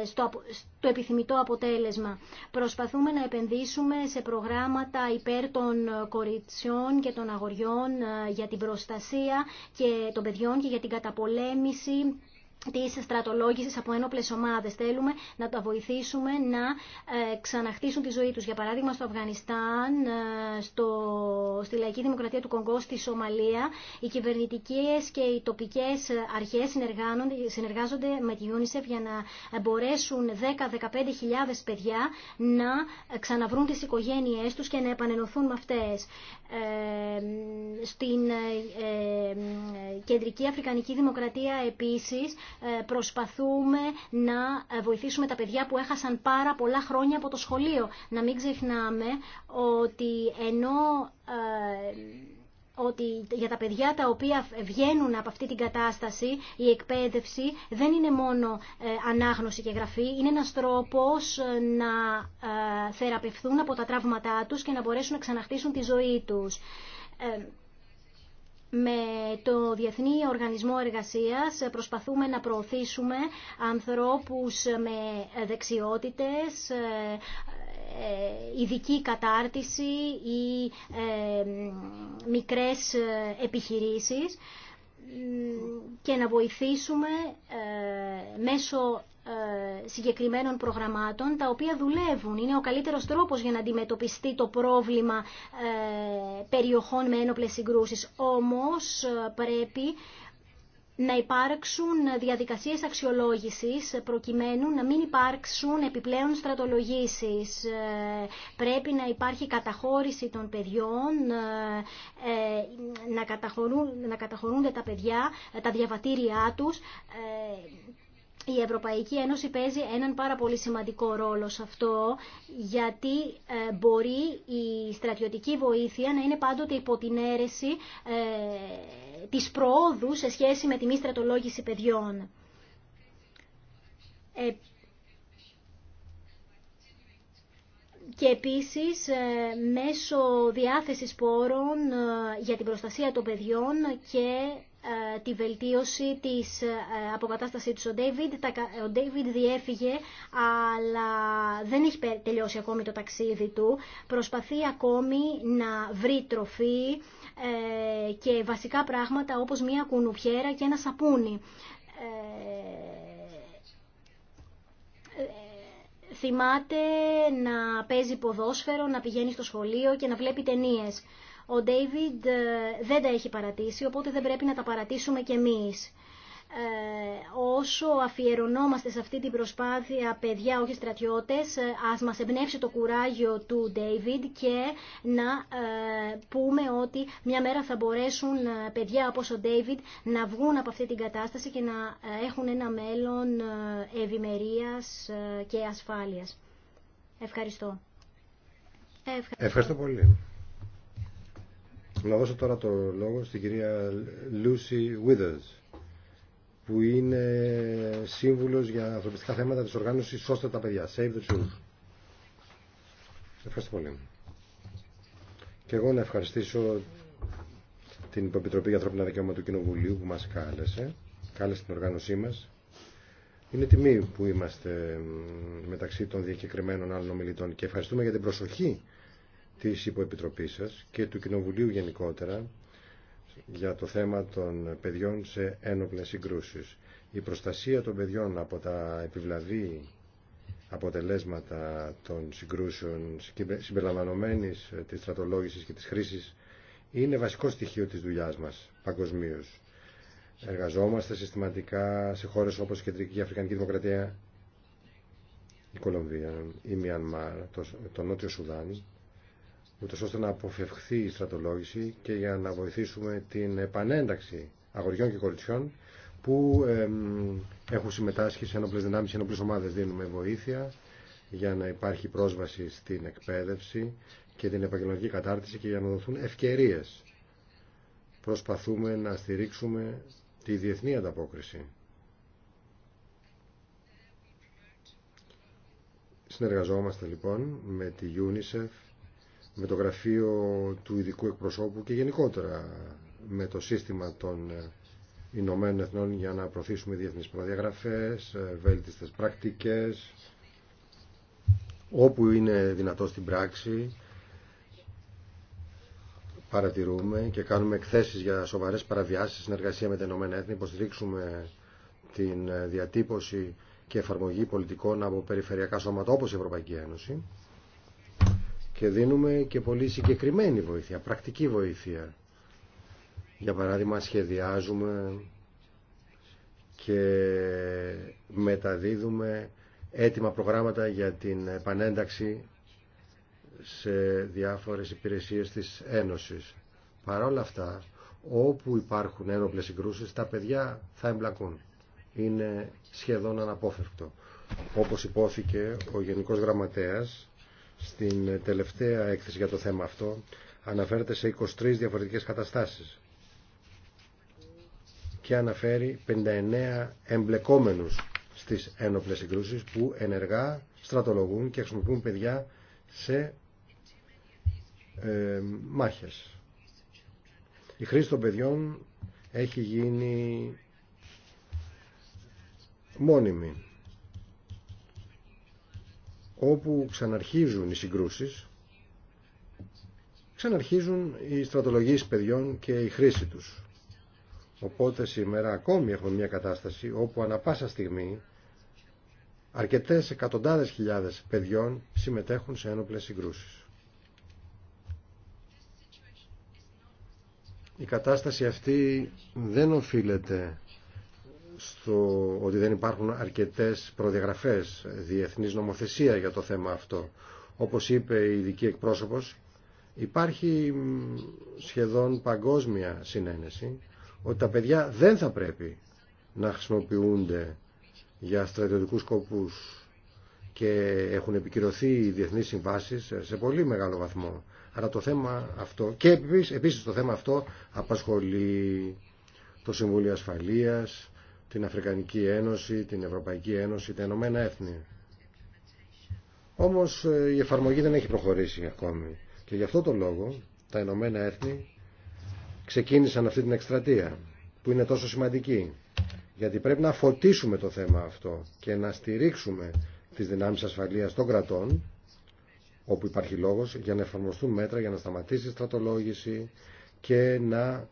ε, στο, επιθυμητό αποτέλεσμα. Προσπαθούμε να επενδύσουμε σε προγράμματα υπέρ των κοριτσιών και των αγοριών για την προστασία και των παιδιών και για την καταπολέμηση Τη στρατολόγηση από ένοπλες ομάδε Θέλουμε να τα βοηθήσουμε να ε, ξαναχτίσουν τη ζωή τους. Για παράδειγμα στο Αφγανιστάν, ε, στο, στη Λαϊκή Δημοκρατία του Κονγκό, στη Σομαλία, οι κυβερνητικές και οι τοπικές αρχές συνεργάζονται με τη UNICEF για να μπορέσουν 10-15 παιδιά να ξαναβρούν τι οικογένειε του και να επανενωθούν με αυτές. Ε, στην Κεντρική Αφρικανική Δημοκρατία επίση, ε, προσπαθούμε να ε, βοηθήσουμε τα παιδιά που έχασαν πάρα πολλά χρόνια από το σχολείο. Να μην ξεχνάμε ότι ενώ ε, ότι για τα παιδιά τα οποία βγαίνουν από αυτή την κατάσταση η εκπαίδευση δεν είναι μόνο ανάγνωση και γραφή, είναι ένας τρόπος να θεραπευθούν από τα τραύματά τους και να μπορέσουν να ξαναχτίσουν τη ζωή τους με το Διεθνή Οργανισμό Εργασίας προσπαθούμε να προωθήσουμε ανθρώπους με δεξιότητες, ε, ε, ειδική κατάρτιση ή ε, μικρές επιχειρήσεις και να βοηθήσουμε ε, μέσω ε, συγκεκριμένων προγραμμάτων τα οποία δουλεύουν. Είναι ο καλύτερος τρόπος για να αντιμετωπιστεί το πρόβλημα ε, περιοχών με ένοπλες συγκρούσεις. Όμως πρέπει να υπάρξουν διαδικασίες αξιολόγησης προκειμένου να μην υπάρξουν επιπλέον στρατολογήσεις. Πρέπει να υπάρχει καταχώρηση των παιδιών, ε, να, καταχωρούνται τα παιδιά, ε, τα διαβατήριά τους. Ε, η Ευρωπαϊκή Ένωση παίζει έναν πάρα πολύ σημαντικό ρόλο σε αυτό, γιατί ε, μπορεί η στρατιωτική βοήθεια να είναι πάντοτε υπό την αίρεση ε, της προόδου σε σχέση με τη μη στρατολόγηση παιδιών. Ε, και επίσης μέσω διάθεσης πόρων για την προστασία των παιδιών και ε, τη βελτίωση της ε, αποκατάστασης του. Ο Ντέιβιντ. ο David διέφυγε, αλλά δεν έχει τελειώσει ακόμη το ταξίδι του. Προσπαθεί ακόμη να βρει τροφή ε, και βασικά πράγματα όπως μία κουνουπιέρα και ένα σαπούνι. Θυμάται να παίζει ποδόσφαιρο, να πηγαίνει στο σχολείο και να βλέπει ταινίες. Ο Ντέιβιντ ε, δεν τα έχει παρατήσει, οπότε δεν πρέπει να τα παρατήσουμε κι εμείς. Ε, όσο αφιερωνόμαστε σε αυτή την προσπάθεια παιδιά, όχι στρατιώτες, ε, ας μας εμπνεύσει το κουράγιο του Ντέιβιντ και να πούμε ότι μια μέρα θα μπορέσουν παιδιά όπως ο Ντέιβιντ να βγουν από αυτή την κατάσταση και να έχουν ένα μέλλον ευημερία και ασφάλειας. Ευχαριστώ. Ευχαριστώ, Ευχαριστώ πολύ. Να δώσω τώρα το λόγο στην κυρία Lucy Withers που είναι σύμβουλος για ανθρωπιστικά θέματα της οργάνωσης Σώστε τα παιδιά, Save the Children. Ευχαριστώ πολύ. Και εγώ να ευχαριστήσω την υποεπιτροπή για Ανθρώπινα Δικαιώματα του Κοινοβουλίου που μας κάλεσε, κάλεσε την οργάνωσή μας. Είναι τιμή που είμαστε μεταξύ των διακεκριμένων άλλων ομιλητών και ευχαριστούμε για την προσοχή της υποεπιτροπής σας και του Κοινοβουλίου γενικότερα για το θέμα των παιδιών σε ένοπλες συγκρούσεις. Η προστασία των παιδιών από τα επιβλαβή αποτελέσματα των συγκρούσεων συμπεριλαμβανομένης ε, της στρατολόγησης και της χρήσης είναι βασικό στοιχείο της δουλειάς μας παγκοσμίω. Εργαζόμαστε συστηματικά σε χώρες όπως η Κεντρική Αφρικανική Δημοκρατία, η Κολομβία, η Μιανμάρ, το, το Νότιο Σουδάν ούτως ώστε να αποφευχθεί η στρατολόγηση και για να βοηθήσουμε την επανένταξη αγοριών και κοριτσιών που έχουν συμμετάσχει σε ενόπλες δυνάμεις, σε ενόπλες ομάδες. Δίνουμε βοήθεια για να υπάρχει πρόσβαση στην εκπαίδευση και την επαγγελματική κατάρτιση και για να δοθούν ευκαιρίες. Προσπαθούμε να στηρίξουμε τη διεθνή ανταπόκριση. Συνεργαζόμαστε λοιπόν με τη UNICEF με το γραφείο του ειδικού εκπροσώπου και γενικότερα με το σύστημα των ε, Ηνωμένων Εθνών για να προωθήσουμε διεθνείς προδιαγραφές, ε, βέλτιστες πρακτικές, όπου είναι δυνατό στην πράξη παρατηρούμε και κάνουμε εκθέσεις για σοβαρές παραβιάσεις συνεργασία με τα Ηνωμένα Έθνη, υποστηρίξουμε την ε, διατύπωση και εφαρμογή πολιτικών από περιφερειακά σώματα όπως η Ευρωπαϊκή Ένωση και δίνουμε και πολύ συγκεκριμένη βοήθεια, πρακτική βοήθεια. Για παράδειγμα σχεδιάζουμε και μεταδίδουμε έτοιμα προγράμματα για την επανένταξη σε διάφορες υπηρεσίες της Ένωσης. Παρ' όλα αυτά, όπου υπάρχουν ένοπλες συγκρούσεις, τα παιδιά θα εμπλακούν. Είναι σχεδόν αναπόφευκτο. Όπως υπόθηκε, ο Γενικός Γραμματέας στην τελευταία έκθεση για το θέμα αυτό αναφέρεται σε 23 διαφορετικές καταστάσεις και αναφέρει 59 εμπλεκόμενους στις ένοπλες συγκρούσεις που ενεργά στρατολογούν και χρησιμοποιούν παιδιά σε ε, μάχες. Η χρήση των παιδιών έχει γίνει μόνιμη όπου ξαναρχίζουν οι συγκρούσεις, ξαναρχίζουν οι στρατολογίες παιδιών και η χρήση τους. Οπότε σήμερα ακόμη έχουμε μια κατάσταση όπου ανα πάσα στιγμή αρκετές εκατοντάδες χιλιάδες παιδιών συμμετέχουν σε ένοπλες συγκρούσεις. Η κατάσταση αυτή δεν οφείλεται στο ότι δεν υπάρχουν αρκετές προδιαγραφές διεθνής νομοθεσία για το θέμα αυτό. Όπως είπε η ειδική εκπρόσωπος, υπάρχει σχεδόν παγκόσμια συνένεση ότι τα παιδιά δεν θα πρέπει να χρησιμοποιούνται για στρατιωτικούς σκοπούς και έχουν επικυρωθεί οι διεθνείς συμβάσεις σε πολύ μεγάλο βαθμό. Άρα το θέμα αυτό και το θέμα αυτό απασχολεί το Συμβούλιο Ασφαλείας, την Αφρικανική Ένωση, την Ευρωπαϊκή Ένωση, τα Ενωμένα Έθνη. Όμως ε, η εφαρμογή δεν έχει προχωρήσει ακόμη και γι' αυτό το λόγο τα Ενωμένα Έθνη ξεκίνησαν αυτή την εκστρατεία που είναι τόσο σημαντική γιατί πρέπει να φωτίσουμε το θέμα αυτό και να στηρίξουμε τις δυνάμεις ασφαλείας των κρατών όπου υπάρχει λόγος για να εφαρμοστούν μέτρα για να σταματήσει η στρατολόγηση και να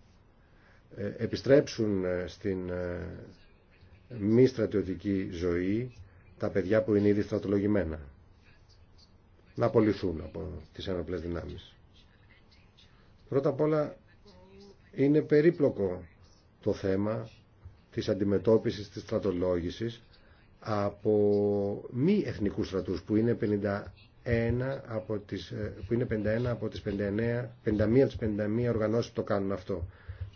ε, επιστρέψουν ε, στην μη στρατιωτική ζωή τα παιδιά που είναι ήδη στρατολογημένα να απολυθούν από τις ενοπλές δυνάμεις. Πρώτα απ' όλα είναι περίπλοκο το θέμα της αντιμετώπισης της στρατολόγησης από μη εθνικούς στρατούς που είναι 51 από τις, ε, που είναι 51 από τις 59, 51 51 οργανώσεις που το κάνουν αυτό.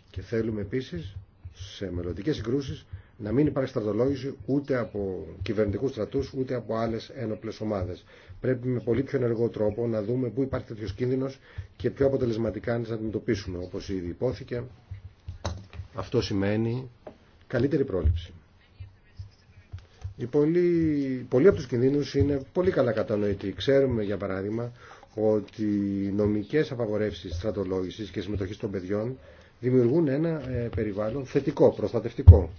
Και θέλουμε επίσης σε μελλοντικές συγκρούσεις να μην υπάρχει στρατολόγηση ούτε από κυβερνητικού στρατού ούτε από άλλε ένοπλε ομάδε. Πρέπει με πολύ πιο ενεργό τρόπο να δούμε πού υπάρχει τέτοιο κίνδυνο και πιο αποτελεσματικά να τι αντιμετωπίσουμε. Όπω ήδη υπόθηκε, αυτό σημαίνει καλύτερη πρόληψη. Οι πολλοί, από του κίνδυνου είναι πολύ καλά κατανοητοί. Ξέρουμε, για παράδειγμα, ότι οι νομικές απαγορεύσει στρατολόγηση και συμμετοχή των παιδιών δημιουργούν ένα ε, περιβάλλον θετικό, προστατευτικό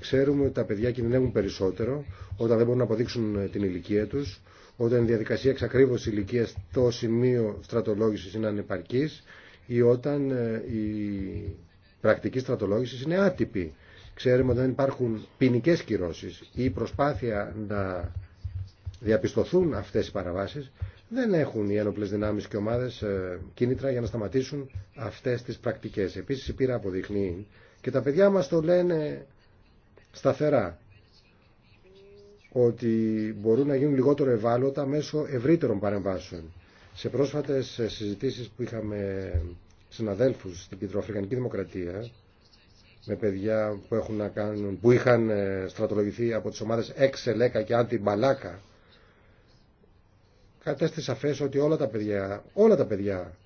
Ξέρουμε ότι τα παιδιά κινδυνεύουν περισσότερο όταν δεν μπορούν να αποδείξουν ε, την ηλικία τους, όταν η διαδικασία εξακρίβωσης ηλικίας στο σημείο στρατολόγησης είναι ανεπαρκής ή όταν ε, η πρακτική στρατολόγησης είναι άτυπη. Ξέρουμε ότι δεν υπάρχουν ποινικέ κυρώσεις ή η προσπάθεια είναι διαπιστωθούν αυτές οι παραβάσεις δεν υπαρχουν ποινικε κυρωσεις η προσπαθεια να διαπιστωθουν αυτες οι ένοπλες δυνάμεις και ομάδες ε, κίνητρα για να σταματήσουν αυτές τις πρακτικές. Επίσης η πείρα αποδεικνύει και τα παιδιά μας το λένε σταθερά ότι μπορούν να γίνουν λιγότερο ευάλωτα μέσω ευρύτερων παρεμβάσεων. Σε πρόσφατες συζητήσεις που είχαμε συναδέλφους στην Κεντροαφρικανική Δημοκρατία με παιδιά που, έχουν να κάνουν, που είχαν ε, στρατολογηθεί από τις ομάδες Εξελέκα και Αντιμπαλάκα κατέστη σαφές ότι όλα τα παιδιά, όλα τα παιδιά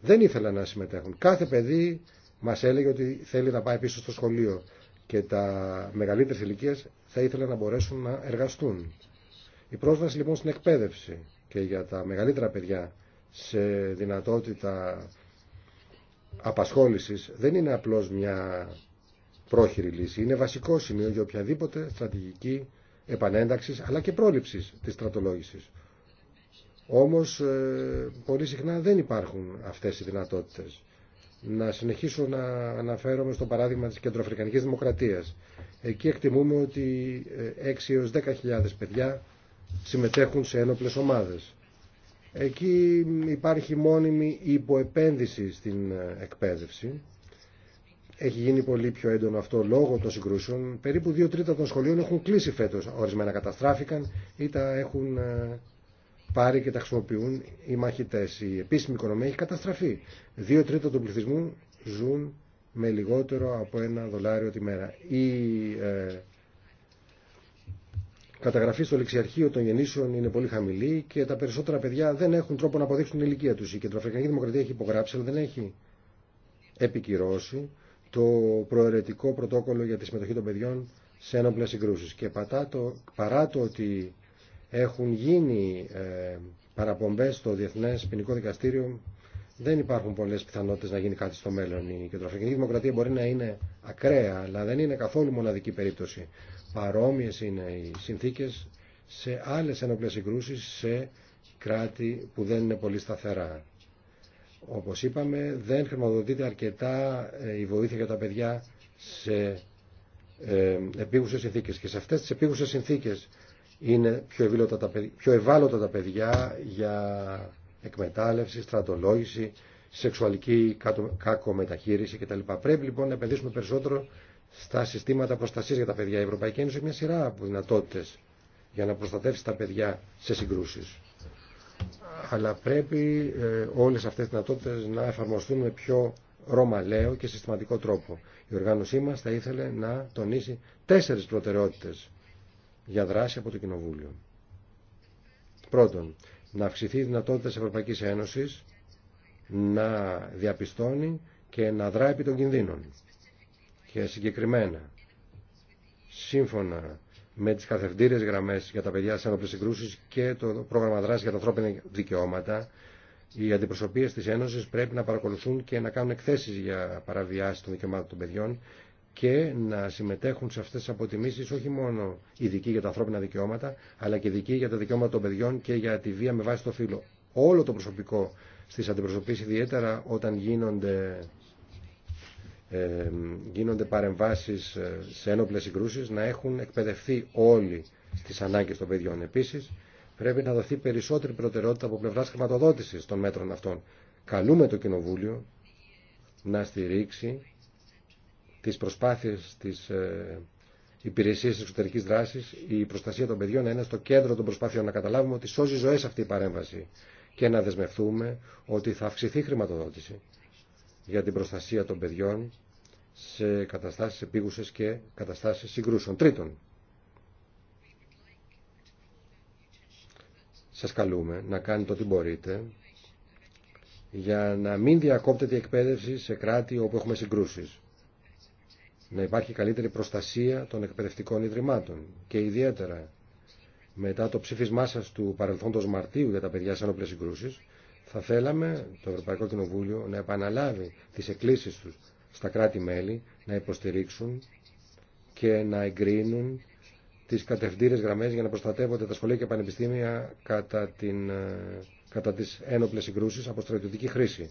δεν ήθελαν να συμμετέχουν. Κάθε παιδί μας έλεγε ότι θέλει να πάει πίσω στο σχολείο και τα μεγαλύτερε ηλικίε θα ήθελαν να μπορέσουν να εργαστούν. Η πρόσβαση λοιπόν στην εκπαίδευση και για τα μεγαλύτερα παιδιά σε δυνατότητα απασχόλησης δεν είναι απλώς μια πρόχειρη λύση. Είναι βασικό σημείο για οποιαδήποτε στρατηγική επανένταξης αλλά και πρόληψης της στρατολόγησης. Όμως ε, πολύ συχνά δεν υπάρχουν αυτές οι δυνατότητες. Να συνεχίσω να αναφέρομαι στο παράδειγμα της Κεντροαφρικανικής Δημοκρατίας. Εκεί εκτιμούμε ότι 6 ε, έως 10.000 παιδιά συμμετέχουν σε ένοπλες ομάδες. Εκεί υπάρχει μόνιμη υποεπένδυση στην ε, εκπαίδευση. Έχει γίνει πολύ πιο έντονο αυτό λόγω των συγκρούσεων. Περίπου δύο τρίτα των σχολείων έχουν κλείσει φέτος. Ορισμένα καταστράφηκαν ή τα έχουν ε, πάρει και τα χρησιμοποιούν οι μαχητές. Η επίσημη οικονομία έχει καταστραφεί. Δύο τρίτα του πληθυσμού ζουν με λιγότερο από ένα δολάριο τη μέρα. Η ε, καταγραφή στο ληξιαρχείο των γεννήσεων είναι πολύ χαμηλή και τα περισσότερα παιδιά δεν έχουν τρόπο να αποδείξουν την ηλικία τους. Η Κεντροαφρικανική Δημοκρατία έχει υπογράψει, αλλά δεν έχει επικυρώσει το προαιρετικό πρωτόκολλο για τη συμμετοχή των παιδιών σε ένοπλες συγκρούσεις. Και πατά το, παρά το ότι έχουν γίνει ε, παραπομπές στο Διεθνές Ποινικό Δικαστήριο δεν υπάρχουν πολλές πιθανότητες να γίνει κάτι στο μέλλον. Η κεντροαφρικανική δημοκρατία μπορεί να είναι ακραία, αλλά δεν είναι καθόλου μοναδική περίπτωση. Παρόμοιες είναι οι συνθήκες σε άλλες ενοπλές συγκρούσει σε κράτη που δεν είναι πολύ σταθερά. Όπω είπαμε, δεν χρηματοδοτείται αρκετά ε, η βοήθεια για τα παιδιά σε ε, επίγουσε συνθήκε. Και σε αυτές τις επίγουσες συνθήκες είναι πιο, τα πιο ευάλωτα τα παιδιά για εκμετάλλευση, στρατολόγηση, σεξουαλική κακομεταχείριση κτλ. Πρέπει λοιπόν να επενδύσουμε περισσότερο στα συστήματα προστασία για τα παιδιά. Η Ευρωπαϊκή Ένωση έχει μια σειρά από δυνατότητε για να προστατεύσει τα παιδιά σε συγκρούσει. Αλλά πρέπει ε, όλε αυτέ τι δυνατότητε να εφαρμοστούν με πιο ρωμαλαίο και συστηματικό τρόπο. Η οργάνωσή μα θα ήθελε να τονίσει τέσσερι προτεραιότητε για δράση από το Κοινοβούλιο. Πρώτον, να αυξηθεί η δυνατότητα της Ευρωπαϊκής Ένωσης να διαπιστώνει και να δράει επί των κινδύνων. Και συγκεκριμένα, σύμφωνα με τις καθευτήριες γραμμές για τα παιδιά σε ένοπλες συγκρούσεις και το πρόγραμμα δράσης για τα ανθρώπινα δικαιώματα, οι αντιπροσωπείες τη Ένωση πρέπει να παρακολουθούν και να κάνουν εκθέσει για παραβιάσεις των δικαιωμάτων των παιδιών και να συμμετέχουν σε αυτές τις αποτιμήσεις όχι μόνο ειδικοί για τα ανθρώπινα δικαιώματα, αλλά και ειδικοί για τα δικαιώματα των παιδιών και για τη βία με βάση το φύλλο. Όλο το προσωπικό στις αντιπροσωπήσεις ιδιαίτερα όταν γίνονται, ε, γίνονται παρεμβάσεις ε, σε ένοπλες συγκρούσεις, να έχουν εκπαιδευτεί όλοι στις ανάγκες των παιδιών. Επίσης, πρέπει να δοθεί περισσότερη προτεραιότητα από πλευράς χρηματοδότησης των μέτρων αυτών. Καλούμε το Κοινοβούλιο να στηρίξει τις προσπάθειες της ε, υπηρεσίας της εξωτερικής δράσης, η προστασία των παιδιών να είναι στο κέντρο των προσπάθειων να καταλάβουμε ότι σώζει ζωές αυτή η παρέμβαση και να δεσμευτούμε ότι θα αυξηθεί χρηματοδότηση για την προστασία των παιδιών σε καταστάσεις επίγουσες και καταστάσεις συγκρούσεων. Τρίτον, σας καλούμε να κάνετε ό,τι μπορείτε για να μην διακόπτεται η εκπαίδευση σε κράτη όπου έχουμε συγκρούσεις να υπάρχει καλύτερη προστασία των εκπαιδευτικών ιδρυμάτων και ιδιαίτερα μετά το ψήφισμά σας του παρελθόντος Μαρτίου για τα παιδιά σε ένοπλες συγκρούσεις θα θέλαμε το Ευρωπαϊκό Κοινοβούλιο να επαναλάβει τις εκκλήσεις τους στα κράτη-μέλη να υποστηρίξουν και να εγκρίνουν τις κατευθύνες γραμμές για να προστατεύονται τα σχολεία και πανεπιστήμια κατά, την, ε, κατά τις ένοπλες συγκρούσεις από στρατιωτική χρήση.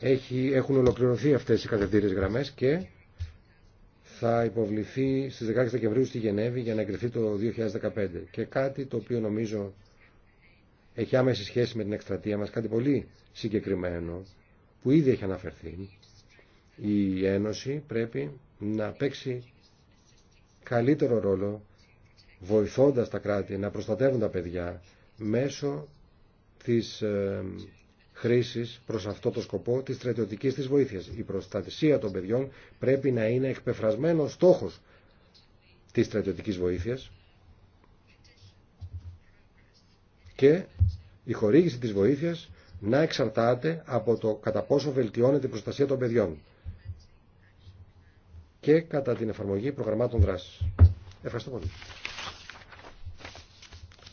Έχει, έχουν ολοκληρωθεί αυτέ οι κατευθύνες γραμμέ και θα υποβληθεί στις 16 Δεκεμβρίου στη Γενέβη για να εγκριθεί το 2015. Και κάτι το οποίο νομίζω έχει άμεση σχέση με την εκστρατεία μας, κάτι πολύ συγκεκριμένο που ήδη έχει αναφερθεί. Η Ένωση πρέπει να παίξει καλύτερο ρόλο βοηθώντας τα κράτη να προστατεύουν τα παιδιά μέσω της ε, χρήση προς αυτό το σκοπό της στρατιωτική της βοήθειας. Η προστασία των παιδιών πρέπει να είναι εκπεφρασμένο στόχος της στρατιωτική βοήθειας και η χορήγηση της βοήθειας να εξαρτάται από το κατά πόσο βελτιώνεται η προστασία των παιδιών και κατά την εφαρμογή προγραμμάτων δράσης. Ευχαριστώ πολύ.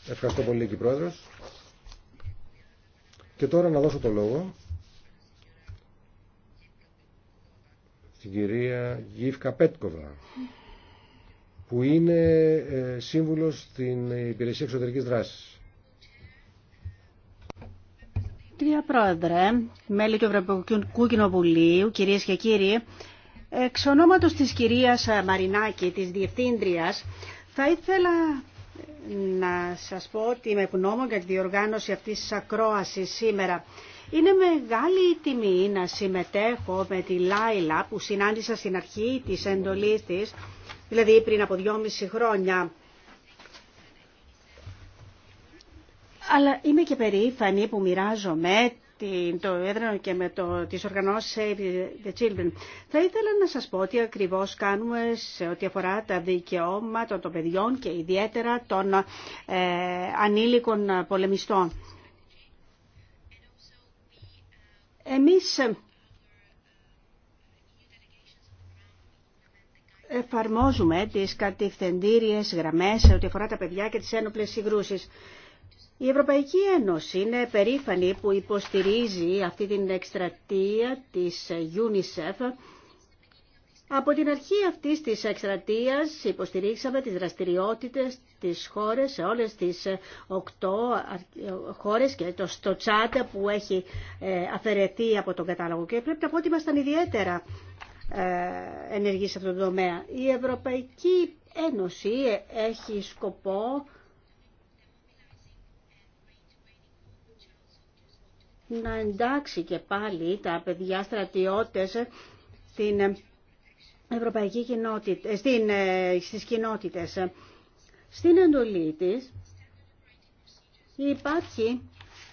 Ευχαριστώ πολύ, κύριε Πρόεδρος. Και τώρα να δώσω το λόγο στην κυρία Γιύφκα Πέτκοβα που είναι ε, σύμβουλος στην Υπηρεσία Εξωτερικής Δράσης. Κυρία Πρόεδρε, μέλη του Ευρωπαϊκού Κοινοβουλίου, κυρίες και κύριοι, εξ ονόματος της κυρίας Μαρινάκη, της Διευθύντριας, θα ήθελα να σας πω ότι είμαι ευγνώμων για τη διοργάνωση αυτής της ακρόασης σήμερα. Είναι μεγάλη η τιμή να συμμετέχω με τη Λάιλα που συνάντησα στην αρχή της εντολής της, δηλαδή πριν από δυόμιση χρόνια. Αλλά είμαι και περήφανη που μοιράζομαι το έδρανο και με το, τις οργανώσεις Save the Children. Θα ήθελα να σας πω τι ακριβώς κάνουμε σε ό,τι αφορά τα δικαιώματα των παιδιών και ιδιαίτερα των ε, ανήλικων πολεμιστών. Εμείς ε, εφαρμόζουμε τις κατευθυντήριες γραμμές σε ό,τι αφορά τα παιδιά και τις ένοπλες συγκρούσεις. Η Ευρωπαϊκή Ένωση είναι περήφανη που υποστηρίζει αυτή την εκστρατεία της UNICEF. Από την αρχή αυτής της εκστρατείας υποστηρίξαμε τις δραστηριότητες της χώρες σε όλες τις οκτώ χώρες και το στο τσάτα που έχει ε, αφαιρεθεί από τον κατάλογο. Και πρέπει να πω ότι ήμασταν ιδιαίτερα ε, ενεργοί σε αυτό το τομέα. Η Ευρωπαϊκή Ένωση ε, έχει σκοπό να εντάξει και πάλι τα παιδιά στρατιώτες στην Ευρωπαϊκή Κοινότητα, ε, στην, ε, στις κοινότητες. Στην εντολή της υπάρχει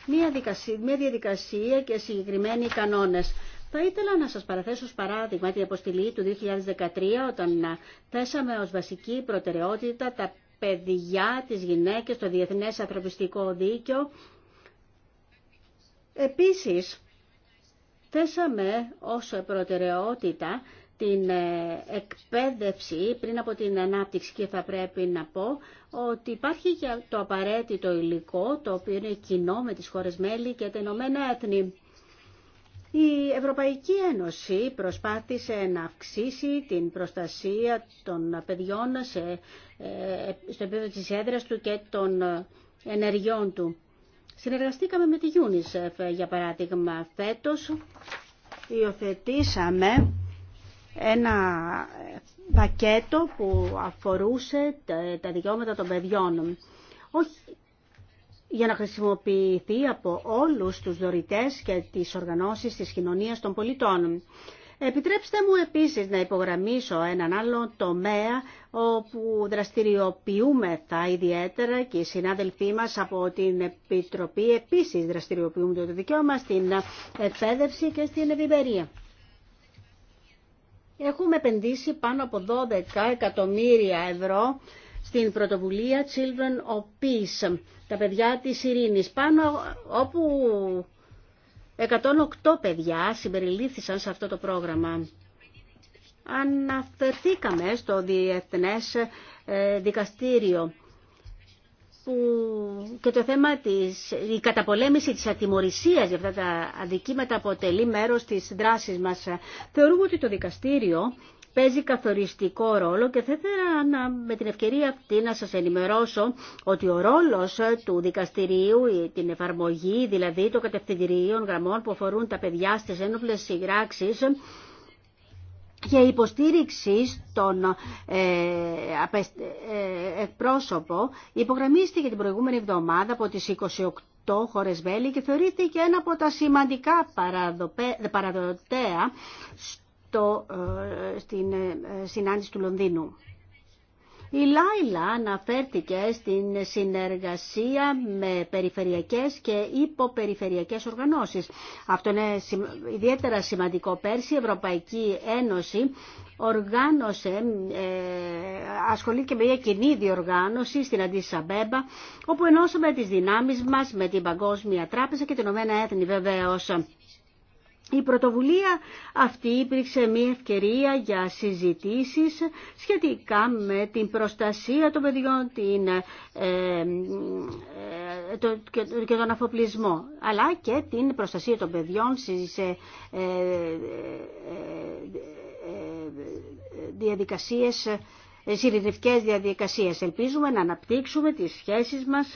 μια, διαδικασία, μια διαδικασία και συγκεκριμένοι κανόνες. Θα ήθελα να σας παραθέσω ως παράδειγμα την αποστηλή του 2013 όταν ε, θέσαμε ως βασική προτεραιότητα τα παιδιά, τις γυναίκες, το διεθνές ανθρωπιστικό δίκαιο Επίσης, θέσαμε ως προτεραιότητα την ε, εκπαίδευση πριν από την ανάπτυξη και θα πρέπει να πω ότι υπάρχει και το απαραίτητο υλικό το οποίο είναι κοινό με τις χώρες μέλη και τα Ηνωμένα Έθνη. Η Ευρωπαϊκή Ένωση προσπάθησε να αυξήσει την προστασία των παιδιών σε, ε, στο επίπεδο της έδρας του και των ε, ενεργειών του. Συνεργαστήκαμε με τη UNICEF, για παράδειγμα, φέτος υιοθετήσαμε ένα πακέτο που αφορούσε τα δικαιώματα των παιδιών. Όχι για να χρησιμοποιηθεί από όλους τους δωρητές και τις οργανώσεις της κοινωνίας των πολιτών. Επιτρέψτε μου επίσης να υπογραμμίσω έναν άλλο τομέα όπου τα ιδιαίτερα και οι συνάδελφοί μας από την Επιτροπή επίσης δραστηριοποιούμε το δικαίωμα στην εκπαίδευση και στην ευημερία. Έχουμε επενδύσει πάνω από 12 εκατομμύρια ευρώ στην πρωτοβουλία Children of Peace, τα παιδιά της ειρήνης, πάνω όπου 108 παιδιά συμπεριλήφθησαν σε αυτό το πρόγραμμα. Αναφερθήκαμε στο Διεθνές ε, Δικαστήριο που και το θέμα της, η καταπολέμηση της ατιμορρησίας για αυτά τα αδικήματα αποτελεί μέρος της δράσης μας. Θεωρούμε ότι το δικαστήριο παίζει καθοριστικό ρόλο και θα ήθελα να, με την ευκαιρία αυτή να σας ενημερώσω ότι ο ρόλος του δικαστηρίου, την εφαρμογή δηλαδή των κατευθυντηρίων γραμμών που αφορούν τα παιδιά στις ένοπλες συγράξεις για υποστήριξη στον ε, ε, εκπρόσωπο υπογραμμίστηκε την προηγούμενη εβδομάδα από τις 28 χώρες Βέλη και θεωρήθηκε ένα από τα σημαντικά παραδοτέα το, ε, στην ε, συνάντηση του Λονδίνου. Η Λάιλα αναφέρθηκε στην συνεργασία με περιφερειακές και υποπεριφερειακές οργανώσεις. Αυτό είναι ιδιαίτερα σημαντικό. Πέρσι η Ευρωπαϊκή Ένωση οργάνωσε, ε, ασχολήθηκε με μια κοινή διοργάνωση στην Αντισαμπέμπα, όπου ενώσαμε τις δυνάμεις μας με την Παγκόσμια Τράπεζα και την ΟΕΕ βεβαίως. Η πρωτοβουλία αυτή υπήρξε μια ευκαιρία για συζητήσεις σχετικά με την προστασία των παιδιών την, ε, ε, και, τον αφοπλισμό, αλλά και την προστασία των παιδιών σε ε, ε, ε, διαδικασίες, διαδικασίες. Ελπίζουμε να αναπτύξουμε τις σχέσεις μας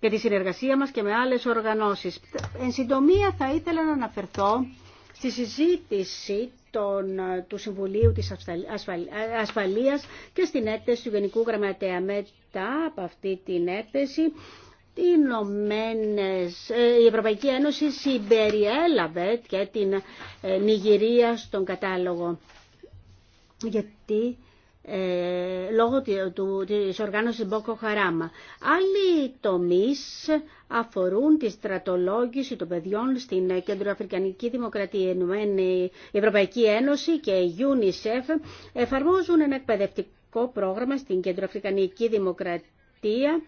για τη συνεργασία μας και με άλλες οργανώσεις. Εν συντομία θα ήθελα να αναφερθώ στη συζήτηση των, του Συμβουλίου της Ασφαλείας και στην έκθεση του Γενικού Γραμματέα. Μετά από αυτή την έκθεση, ε, η Ευρωπαϊκή Ένωση συμπεριέλαβε και την ε, Νιγηρία στον κατάλογο. Γιατί ε, λόγω της οργάνωσης Μπόκο Χαράμα. Άλλοι τομείς αφορούν τη στρατολόγηση των παιδιών στην Κεντροαφρικανική Δημοκρατία. Η Ευρωπαϊκή Ένωση και η UNICEF εφαρμόζουν ένα εκπαιδευτικό πρόγραμμα στην Κεντροαφρικανική Δημοκρατία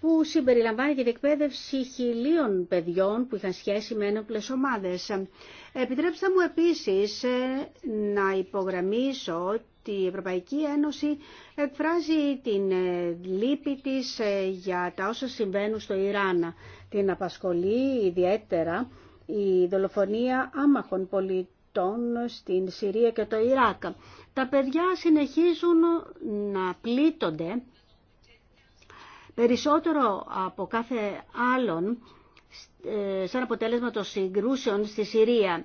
που συμπεριλαμβάνει την εκπαίδευση χιλίων παιδιών που είχαν σχέση με ένοπλες ομάδες. Επιτρέψτε μου επίσης να υπογραμμίσω η Ευρωπαϊκή Ένωση εκφράζει την ε, λύπη της ε, για τα όσα συμβαίνουν στο Ιράν. Την απασχολεί ιδιαίτερα η δολοφονία άμαχων πολιτών στην Συρία και το Ιράκ. Τα παιδιά συνεχίζουν να πλήττονται περισσότερο από κάθε άλλον ε, σαν αποτέλεσμα των συγκρούσεων στη Συρία.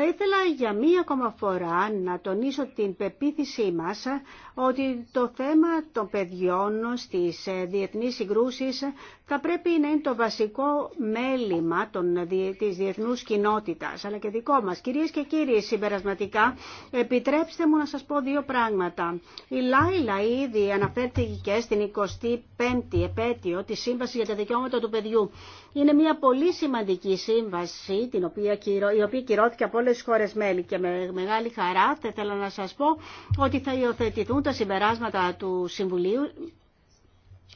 Θα ήθελα για μία ακόμα φορά να τονίσω την πεποίθησή μας ότι το θέμα των παιδιών στις ε, διεθνείς συγκρούσεις θα πρέπει να είναι το βασικό μέλημα των, της διεθνούς κοινότητας, αλλά και δικό μας. Κυρίες και κύριοι, συμπερασματικά, επιτρέψτε μου να σας πω δύο πράγματα. Η Λάιλα ήδη αναφέρθηκε και στην 25η επέτειο της Σύμβασης για τα Δικαιώματα του Παιδιού. Είναι μια πολύ σημαντική σύμβαση, την οποία, η οποία κυρώθηκε από όλες τις χώρες μέλη και με μεγάλη χαρά θα ήθελα να σας πω ότι θα υιοθετηθούν τα συμπεράσματα του Συμβουλίου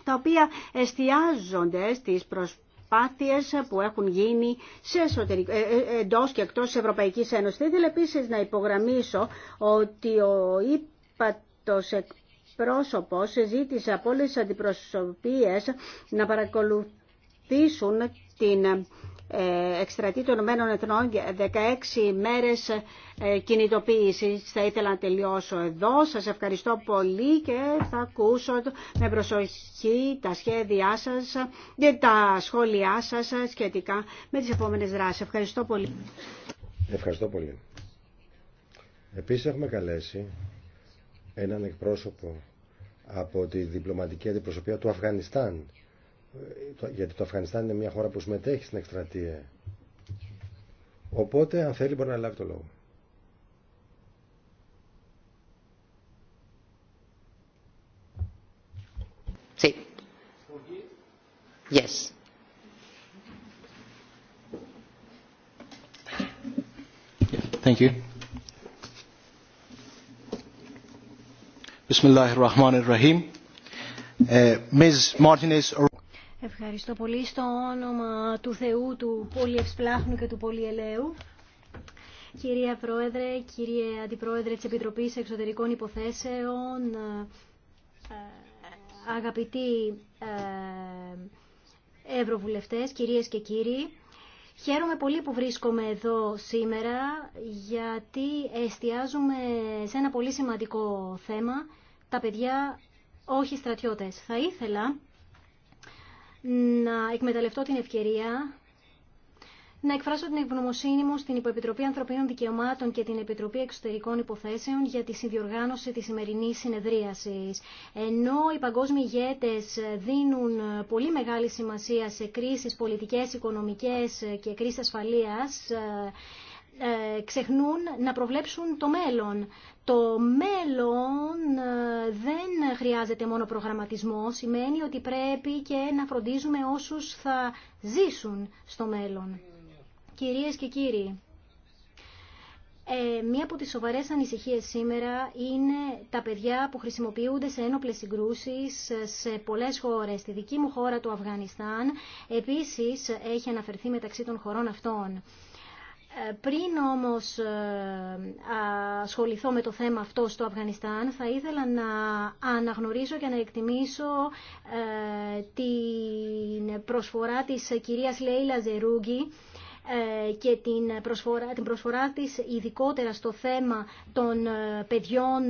τα οποία εστιάζονται στις προσπάθειες που έχουν γίνει σε εσωτερικό, ε, ε, ε, εντός και εκτός της Ευρωπαϊκής Ένωσης. Θα ήθελα επίσης να υπογραμμίσω ότι ο ύπατος εκπρόσωπος ζήτησε από όλες τις αντιπροσωπείες να παρακολουθήσουν την εκστρατή των Ηνωμένων Εθνών 16 μέρες ε, κινητοποίηση. Θα ήθελα να τελειώσω εδώ. Σας ευχαριστώ πολύ και θα ακούσω με προσοχή τα σχέδιά σας και τα σχόλιά σας σχετικά με τις επόμενες δράσεις. Ευχαριστώ πολύ. Ευχαριστώ πολύ. Επίσης έχουμε καλέσει έναν εκπρόσωπο από τη διπλωματική αντιπροσωπεία του Αφγανιστάν γιατί το Αφγανιστάν είναι μια χώρα που συμμετέχει στην εκστρατεία. Οπότε, αν θέλει, μπορεί να λάβει το λόγο. Sí. Yes. Thank you. Bismillahir Rahmanir uh, Ms. Martinez Ευχαριστώ πολύ στο όνομα του Θεού, του Πολιευσπλάχνου και του Πολιελαίου. Κυρία Πρόεδρε, κύριε Αντιπρόεδρε της Επιτροπής Εξωτερικών Υποθέσεων, ε, αγαπητοί ε, Ευρωβουλευτές, κυρίες και κύριοι, Χαίρομαι πολύ που βρίσκομαι εδώ σήμερα γιατί εστιάζουμε σε ένα πολύ σημαντικό θέμα, τα παιδιά όχι στρατιώτες. Θα ήθελα να εκμεταλλευτώ την ευκαιρία να εκφράσω την ευγνωμοσύνη μου στην Υποεπιτροπή Ανθρωπίνων Δικαιωμάτων και την Επιτροπή Εξωτερικών Υποθέσεων για τη συνδιοργάνωση της σημερινή συνεδρίασης. Ενώ οι παγκόσμιοι ηγέτες δίνουν πολύ μεγάλη σημασία σε κρίσεις πολιτικές, οικονομικές και κρίση ασφαλείας, ε, ξεχνούν να προβλέψουν το μέλλον. Το μέλλον ε, δεν χρειάζεται μόνο προγραμματισμό, σημαίνει ότι πρέπει και να φροντίζουμε όσους θα ζήσουν στο μέλλον. Κυρίες και κύριοι, ε, μία από τις σοβαρές ανησυχίες σήμερα είναι τα παιδιά που χρησιμοποιούνται σε ένοπλες συγκρούσεις σε πολλές χώρες. Στη δική μου χώρα, του Αφγανιστάν, επίσης έχει αναφερθεί μεταξύ των χωρών αυτών. Ε, πριν όμως ε, ασχοληθώ με το θέμα αυτό στο Αφγανιστάν, θα ήθελα να αναγνωρίσω και να εκτιμήσω ε, την προσφορά της κυρίας Λέιλα Ζερούγκη και την προσφορά, την προσφορά της ειδικότερα στο θέμα των παιδιών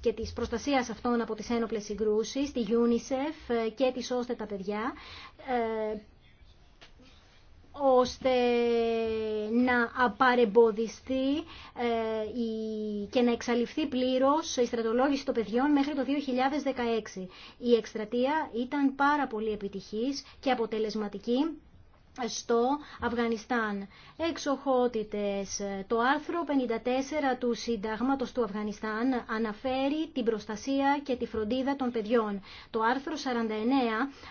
και της προστασίας αυτών από τις ένοπλες συγκρούσεις, τη UNICEF και τη Σώστε τα παιδιά ώστε να απαρεμποδιστεί ε, και να εξαλειφθεί πλήρως η στρατολόγηση των παιδιών μέχρι το 2016. Η εκστρατεία ήταν πάρα πολύ επιτυχής και αποτελεσματική στο Αφγανιστάν. Εξοχότητες. Το άρθρο 54 του Συντάγματος του Αφγανιστάν αναφέρει την προστασία και τη φροντίδα των παιδιών. Το άρθρο 49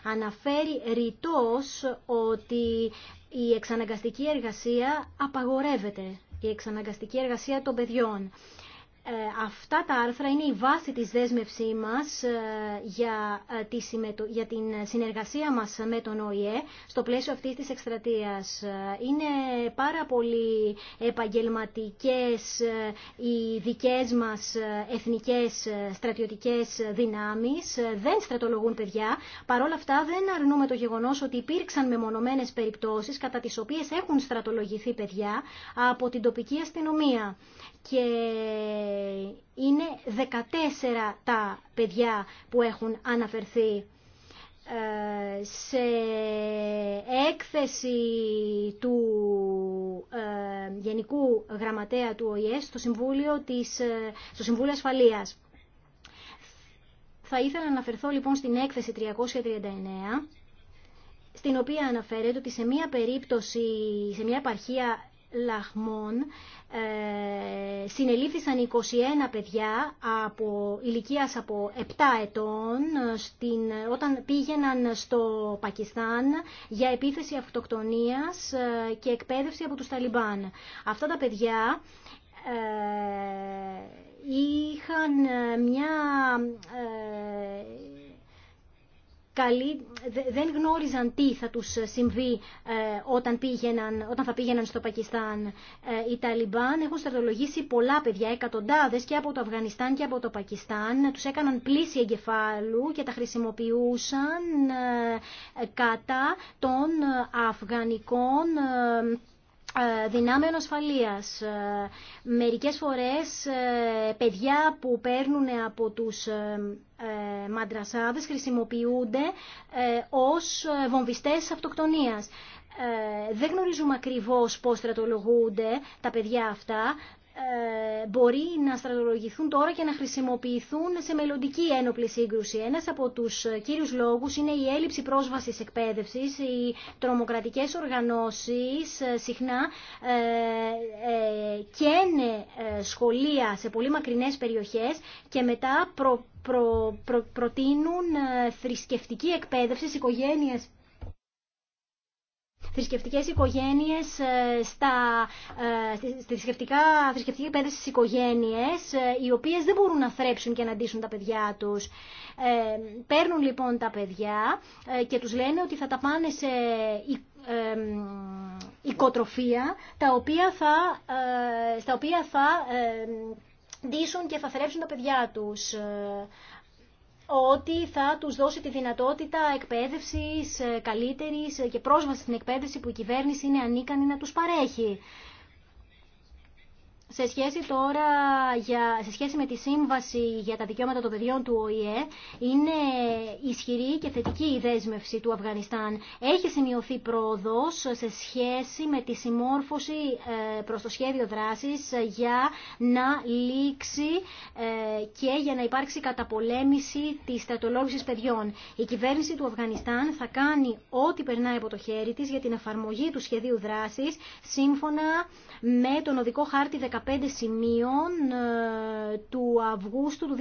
αναφέρει ρητός ότι η εξαναγκαστική εργασία απαγορεύεται, η εξαναγκαστική εργασία των παιδιών. Ε, αυτά τα άρθρα είναι η βάση της δέσμευσή μας ε, για, ε, τη για την συνεργασία μας με τον ΟΗΕ στο πλαίσιο αυτής της εκστρατείας. Είναι πάρα πολύ επαγγελματικές οι δικές μας εθνικές στρατιωτικές δυνάμεις. Δεν στρατολογούν παιδιά. Παρόλα αυτά δεν αρνούμε το γεγονός ότι υπήρξαν μεμονωμένες περιπτώσεις κατά τις οποίες έχουν στρατολογηθεί παιδιά από την τοπική αστυνομία και είναι 14 τα παιδιά που έχουν αναφερθεί ε, σε έκθεση του ε, Γενικού Γραμματέα του ΟΗΕ στο Συμβούλιο, της, ε, στο Συμβούλιο Ασφαλείας. Θα ήθελα να αναφερθώ λοιπόν στην έκθεση 339 στην οποία αναφέρεται ότι σε μια περίπτωση, σε μια επαρχία λαχμών ε, συνελήφθησαν 21 παιδιά από ηλικίας από 7 ετών ε, στην, όταν πήγαιναν στο Πακιστάν για επίθεση αυτοκτονίας ε, και εκπαίδευση από τους Ταλιμπάν. Αυτά τα παιδιά είχαν μια καλή, δεν γνώριζαν τι θα τους συμβεί ε, όταν, πήγαιναν, όταν θα πήγαιναν στο Πακιστάν. Ε, οι Ταλιμπάν έχουν στρατολογήσει πολλά παιδιά, εκατοντάδες και από το Αφγανιστάν και από το Πακιστάν. Τους έκαναν πλήση εγκεφάλου και τα χρησιμοποιούσαν ε, κατά των αφγανικών ε, δυνάμεων ασφαλείας. Ε, μερικές φορές ε, παιδιά που παίρνουν από τους μαντρασάδες χρησιμοποιούνται ως βομβιστές αυτοκτονίας. Δεν γνωρίζουμε ακριβώς πώς στρατολογούνται τα παιδιά αυτά. Ε, μπορεί να στρατολογηθούν τώρα και να χρησιμοποιηθούν σε μελλοντική ένοπλη σύγκρουση. Ένας από τους κύριους λόγους είναι η έλλειψη πρόσβασης εκπαίδευσης. Οι τρομοκρατικέ οργανώσεις ε, συχνά ε, καίνε σχολεία σε πολύ μακρινές περιοχές και μετά προ, προ, προτείνουν θρησκευτική εκπαίδευση στι θρησκευτικέ οικογένειες, ε, στα, ε, θρησκευτικά, θρησκευτική εκπαίδευση στι οικογένειες, ε, οι οποίες δεν μπορούν να θρέψουν και να ντύσουν τα παιδιά τους. παίρνουν λοιπόν τα παιδιά και τους λένε ότι θα τα πάνε σε οικοτροφία, τα οποία θα, στα οποία θα ντύσουν και θα θρέψουν τα παιδιά τους ότι θα τους δώσει τη δυνατότητα εκπαίδευσης ε, καλύτερης ε, και πρόσβαση στην εκπαίδευση που η κυβέρνηση είναι ανίκανη να τους παρέχει. Σε σχέση τώρα για, σε σχέση με τη σύμβαση για τα δικαιώματα των παιδιών του ΟΗΕ, είναι ισχυρή και θετική η δέσμευση του Αφγανιστάν. Έχει σημειωθεί πρόοδος σε σχέση με τη συμμόρφωση ε, προς το σχέδιο δράσης για να λήξει ε, και για να υπάρξει καταπολέμηση της στρατολόγησης παιδιών. Η κυβέρνηση του Αφγανιστάν θα κάνει ό,τι περνάει από το χέρι της για την εφαρμογή του σχεδίου δράσης σύμφωνα με τον οδικό χάρτη 15 σημείων ε, του Αυγούστου του 2013.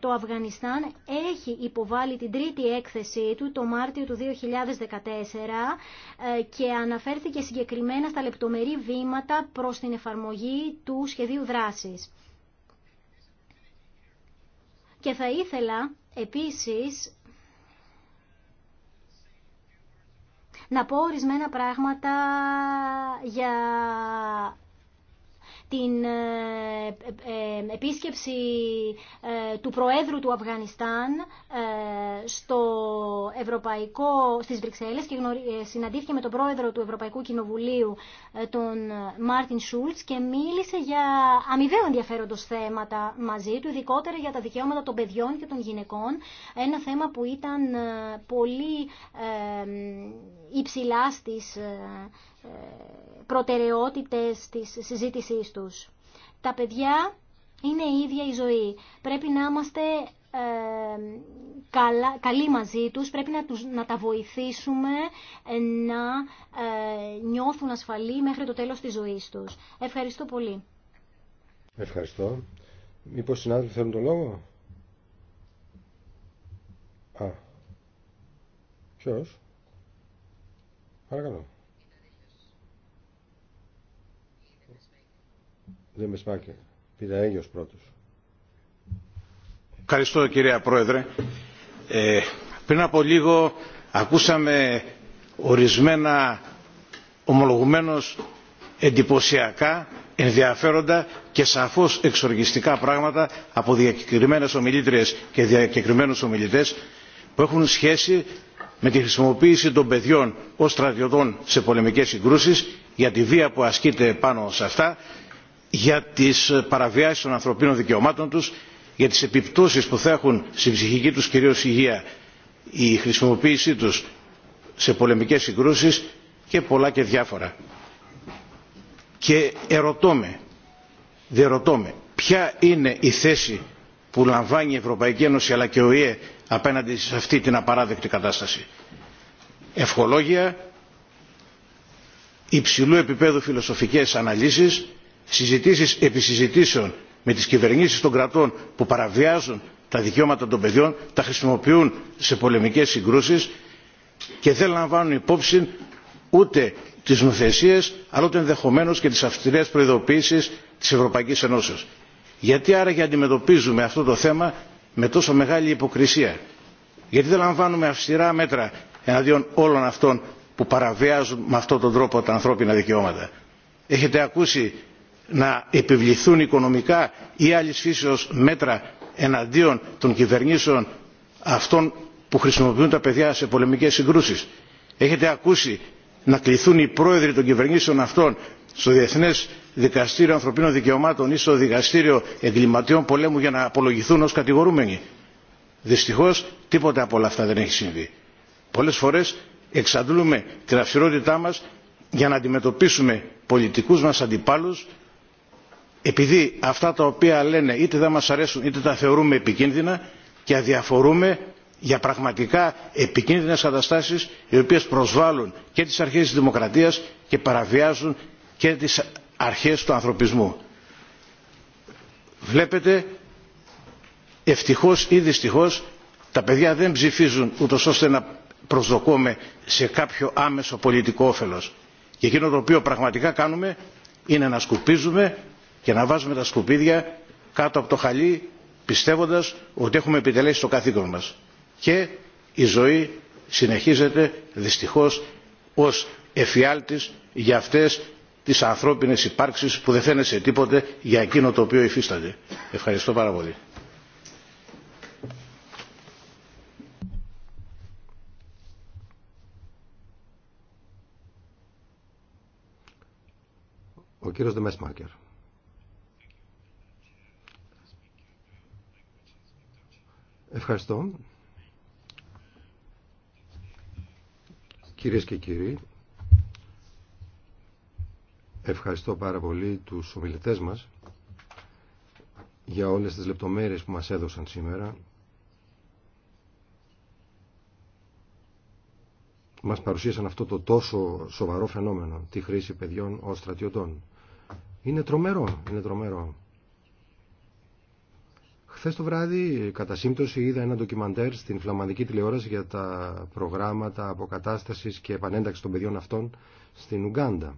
Το Αφγανιστάν έχει υποβάλει την τρίτη έκθεσή του το Μάρτιο του 2014 ε, και αναφέρθηκε συγκεκριμένα στα λεπτομερή βήματα προς την εφαρμογή του σχεδίου δράσης. Και θα ήθελα επίσης να πω ορισμένα πράγματα για την ε, ε, ε, επίσκεψη του Προέδρου του Αφγανιστάν στο Ευρωπαϊκό, στις Βρυξέλλες και συναντήθηκε με τον Πρόεδρο του Ευρωπαϊκού Κοινοβουλίου τον Μάρτιν Σούλτς και μίλησε για αμοιβαίο ενδιαφέροντος θέματα μαζί του, ειδικότερα για τα δικαιώματα των παιδιών και των γυναικών, ένα θέμα που ήταν πολύ υψηλά στις προτεραιότητες της συζήτησής τους. Τα παιδιά είναι η ίδια η ζωή. Πρέπει να είμαστε ε, καλά, καλοί μαζί τους, πρέπει να, τους, να τα βοηθήσουμε να ε, νιώθουν ασφαλή μέχρι το τέλος της ζωής τους. Ευχαριστώ πολύ. Ευχαριστώ. Μήπως συνάδελφοι θέλουν το λόγο? Α, ποιος? Παρακαλώ. Δεν με σπάκε. έγιος πρώτος. Ευχαριστώ κυρία Πρόεδρε. Ε, πριν από λίγο ακούσαμε ορισμένα ομολογουμένως εντυπωσιακά, ενδιαφέροντα και σαφώς εξοργιστικά πράγματα από διακεκριμένες ομιλήτριες και διακεκριμένους ομιλητές που έχουν σχέση με τη χρησιμοποίηση των παιδιών ως στρατιωτών σε πολεμικές συγκρούσεις για τη βία που ασκείται πάνω σε αυτά για τις ε, παραβιάσεις των ανθρωπίνων δικαιωμάτων τους, για τις επιπτώσεις που θα έχουν στην ψυχική τους κυρίως υγεία η χρησιμοποίησή τους σε πολεμικές συγκρούσεις και πολλά και διάφορα. Και ερωτώ με, ποια είναι η θέση που λαμβάνει η Ευρωπαϊκή Ένωση αλλά και ο ΙΕ απέναντι σε αυτή την απαράδεκτη κατάσταση. Ευχολόγια, υψηλού επίπεδου φιλοσοφικές αναλύσεις συζητήσεις επί συζητήσεων με τις κυβερνήσεις των κρατών που παραβιάζουν τα δικαιώματα των παιδιών, τα χρησιμοποιούν σε πολεμικές συγκρούσεις και δεν λαμβάνουν υπόψη ούτε τις νοθεσίες αλλά ούτε ενδεχομένως και τις αυστηρές προειδοποίησεις της Ευρωπαϊκής Ενώσεως. Γιατί άραγε αντιμετωπίζουμε αυτό το θέμα με τόσο μεγάλη υποκρισία. Γιατί δεν λαμβάνουμε αυστηρά μέτρα εναντίον όλων αυτών που παραβιάζουν με αυτόν τον τρόπο τα ανθρώπινα δικαιώματα. Έχετε ακούσει να επιβληθούν οικονομικά ή άλλης φύσεως μέτρα εναντίον των κυβερνήσεων αυτών που χρησιμοποιούν τα παιδιά σε πολεμικές συγκρούσεις. Έχετε ακούσει να κληθούν οι πρόεδροι των κυβερνήσεων αυτών στο Διεθνές Δικαστήριο Ανθρωπίνων Δικαιωμάτων ή στο Δικαστήριο Εγκληματιών Πολέμου για να απολογηθούν ως κατηγορούμενοι. Δυστυχώς τίποτα από όλα αυτά δεν έχει συμβεί. Πολλές φορές εξαντλούμε την αυστηρότητά μας για να αντιμετωπίσουμε πολιτικούς μας αντιπάλους επειδή αυτά τα οποία λένε είτε δεν μας αρέσουν είτε τα θεωρούμε επικίνδυνα και αδιαφορούμε για πραγματικά επικίνδυνες καταστάσεις οι οποίες προσβάλλουν και τις αρχές της δημοκρατίας και παραβιάζουν και τις αρχές του ανθρωπισμού. Βλέπετε, ευτυχώς ή δυστυχώς, τα παιδιά δεν ψηφίζουν ούτως ώστε να προσδοκούμε σε κάποιο άμεσο πολιτικό όφελος. Και εκείνο το οποίο πραγματικά κάνουμε είναι να σκουπίζουμε και να βάζουμε τα σκουπίδια κάτω από το χαλί πιστεύοντας ότι έχουμε επιτελέσει το καθήκον μας. Και η ζωή συνεχίζεται δυστυχώς ως εφιάλτης για αυτές τις ανθρώπινες υπάρξεις που δεν φαίνεσαι τίποτε για εκείνο το οποίο υφίσταται. Ευχαριστώ πάρα πολύ. Ο κύριος Ευχαριστώ. Κυρίες και κύριοι, ευχαριστώ πάρα πολύ τους ομιλητές μας για όλες τις λεπτομέρειες που μας έδωσαν σήμερα. Μας παρουσίασαν αυτό το τόσο σοβαρό φαινόμενο, τη χρήση παιδιών ως στρατιωτών. Είναι τρομερό, είναι τρομερό. Χθε το βράδυ, κατά σύμπτωση, είδα ένα ντοκιμαντέρ στην φλαμανδική τηλεόραση για τα προγράμματα αποκατάσταση και επανένταξη των παιδιών αυτών στην Ουγγάντα.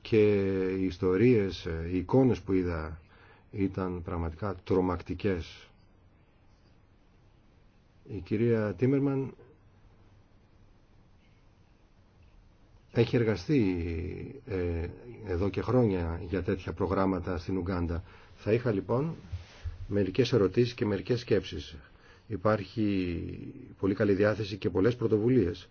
Και οι ιστορίε, οι εικόνε που είδα ήταν πραγματικά τρομακτικέ. Η κυρία Τίμερμαν έχει εργαστεί ε, εδώ και χρόνια για τέτοια προγράμματα στην Ουγκάντα. Θα είχα λοιπόν μερικές ερωτήσεις και μερικές σκέψεις. Υπάρχει πολύ καλή διάθεση και πολλές πρωτοβουλίες.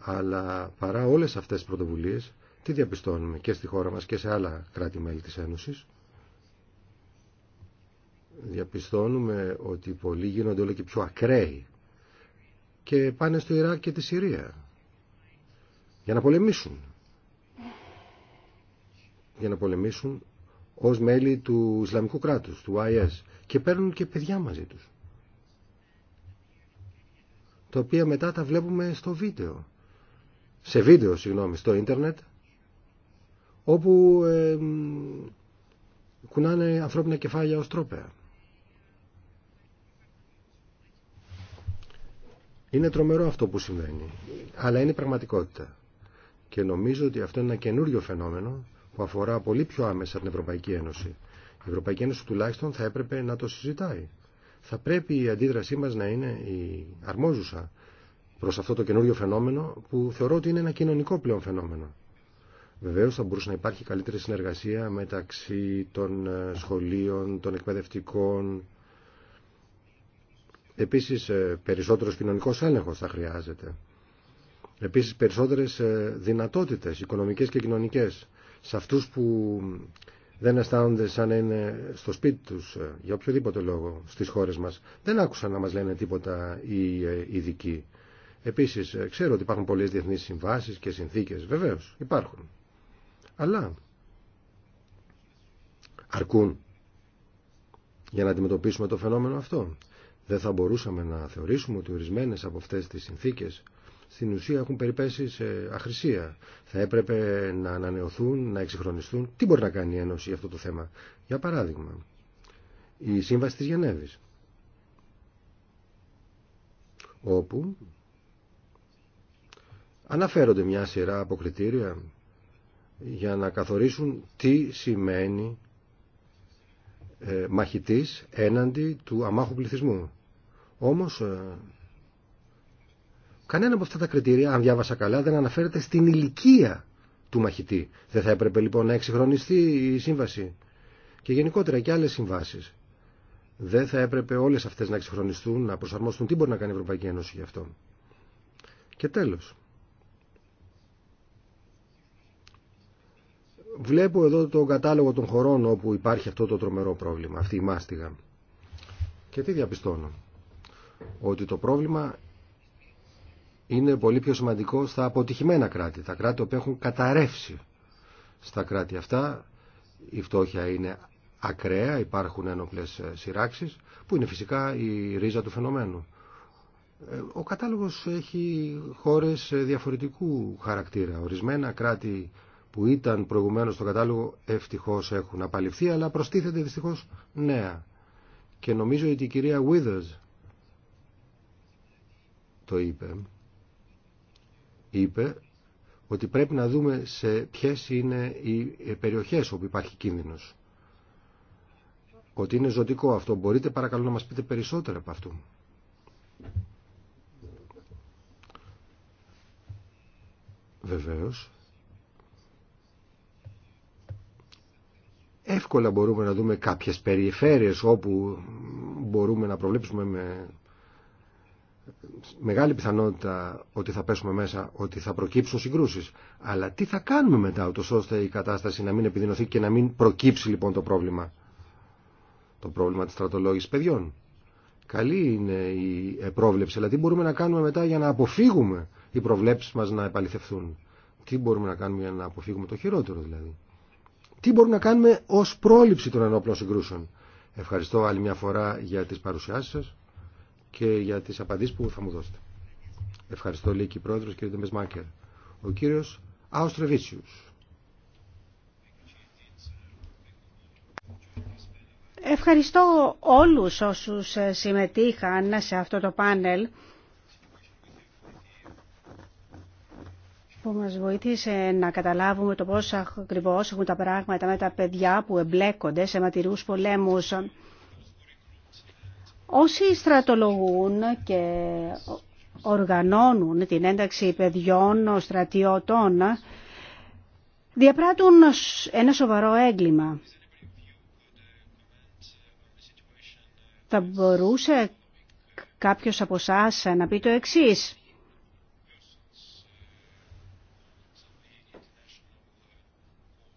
Αλλά παρά όλες αυτές τις πρωτοβουλίες, τι διαπιστώνουμε και στη χώρα μας και σε άλλα κράτη-μέλη της Ένωσης. Διαπιστώνουμε ότι πολλοί γίνονται όλο και πιο ακραίοι και πάνε στο Ιράκ και τη Συρία για να πολεμήσουν. Για να πολεμήσουν ως μέλη του Ισλαμικού κράτους, του IS και παίρνουν και παιδιά μαζί τους. Τα οποία μετά τα βλέπουμε στο βίντεο. Σε βίντεο, συγγνώμη, στο ίντερνετ όπου κουνάνε ανθρώπινα κεφάλια ως τρόπεα. Είναι τρομερό αυτό που συμβαίνει, αλλά είναι πραγματικότητα. Και νομίζω ότι αυτό είναι ένα καινούριο φαινόμενο που αφορά πολύ πιο άμεσα την Ευρωπαϊκή Ένωση. Η Ευρωπαϊκή Ένωση τουλάχιστον θα έπρεπε να το συζητάει. Θα πρέπει η αντίδρασή μας να είναι η αρμόζουσα προς αυτό το καινούριο φαινόμενο που θεωρώ ότι είναι ένα κοινωνικό πλέον φαινόμενο. Βεβαίω θα μπορούσε να υπάρχει καλύτερη συνεργασία μεταξύ των ε, σχολείων, των εκπαιδευτικών. Επίσης ε, περισσότερο κοινωνικό έλεγχο θα χρειάζεται. Επίση περισσότερε ε, δυνατότητε, οικονομικέ και κοινωνικέ σε αυτού που δεν αισθάνονται σαν να είναι στο σπίτι τους ε, για οποιοδήποτε λόγο στις χώρες μας. Δεν άκουσαν να μας λένε τίποτα οι ε, ειδικοί. Επίσης, ε, ξέρω ότι υπάρχουν πολλές διεθνείς συμβάσεις και συνθήκες. Βεβαίως, υπάρχουν. Αλλά αρκούν για να αντιμετωπίσουμε το φαινόμενο αυτό. Δεν θα μπορούσαμε να θεωρήσουμε ότι ορισμένες από αυτές τις συνθήκες στην ουσία έχουν περιπέσει σε αχρησία. Θα έπρεπε να ανανεωθούν, να εξυγχρονιστούν. Τι μπορεί να κάνει η Ένωση για αυτό το θέμα. Για παράδειγμα, η Σύμβαση της Γενέβης, όπου αναφέρονται μια σειρά από για να καθορίσουν τι σημαίνει ε, μαχητής έναντι του αμάχου πληθυσμού. Όμως ε, Κανένα από αυτά τα κριτήρια, αν διάβασα καλά, δεν αναφέρεται στην ηλικία του μαχητή. Δεν θα έπρεπε λοιπόν να εξυγχρονιστεί η σύμβαση. Και γενικότερα και άλλε συμβάσει. Δεν θα έπρεπε όλε αυτέ να εξυγχρονιστούν, να προσαρμόσουν. Τι μπορεί να κάνει η Ευρωπαϊκή Ένωση γι' αυτό. Και τέλο. Βλέπω εδώ το κατάλογο των χωρών όπου υπάρχει αυτό το τρομερό πρόβλημα, αυτή η μάστιγα. Και τι διαπιστώνω. Ότι το πρόβλημα είναι πολύ πιο σημαντικό στα αποτυχημένα κράτη, τα κράτη που έχουν καταρρεύσει. Στα κράτη αυτά η φτώχεια είναι ακραία, υπάρχουν ένοπλες ε, σειράξεις, που είναι φυσικά η ρίζα του φαινομένου. Ε, ο κατάλογος έχει χώρες ε, διαφορετικού χαρακτήρα. Ορισμένα κράτη που ήταν προηγουμένως στο κατάλογο ευτυχώς έχουν απαλληφθεί, αλλά προστίθεται δυστυχώς νέα. Και νομίζω ότι η κυρία Withers το είπε είπε ότι πρέπει να δούμε σε ποιες είναι οι περιοχές όπου υπάρχει κίνδυνος. Ότι είναι ζωτικό αυτό. Μπορείτε παρακαλώ να μας πείτε περισσότερα από αυτού. Βεβαίως. Εύκολα μπορούμε να δούμε κάποιες περιφέρειες όπου μπορούμε να προβλέψουμε με μεγάλη πιθανότητα ότι θα πέσουμε μέσα, ότι θα προκύψουν συγκρούσει. Αλλά τι θα κάνουμε μετά, ούτω ώστε η κατάσταση να μην επιδεινωθεί και να μην προκύψει λοιπόν το πρόβλημα. Το πρόβλημα τη στρατολόγηση παιδιών. Καλή είναι η πρόβλεψη, αλλά τι μπορούμε να κάνουμε μετά για να αποφύγουμε οι προβλέψει μα να επαληθευθούν. Τι μπορούμε να κάνουμε για να αποφύγουμε το χειρότερο δηλαδή. Τι μπορούμε να κάνουμε ως πρόληψη των ενόπλων συγκρούσεων. Ευχαριστώ άλλη μια φορά για τις παρουσιάσεις σας και για τις απαντήσεις που θα μου δώσετε. Ευχαριστώ λέει και πρόεδρος κύριε Μάκερ. Ο κύριος Άουστρεβίτσιους. Ευχαριστώ όλους όσους συμμετείχαν σε αυτό το πάνελ που μας βοήθησε να καταλάβουμε το πώς ακριβώ έχουν τα πράγματα με τα παιδιά που εμπλέκονται σε ματηρούς πολέμους. Όσοι στρατολογούν και οργανώνουν την ένταξη παιδιών στρατιωτών διαπράττουν ένα σοβαρό έγκλημα. Θα μπορούσε κάποιος από εσά να πει το εξής.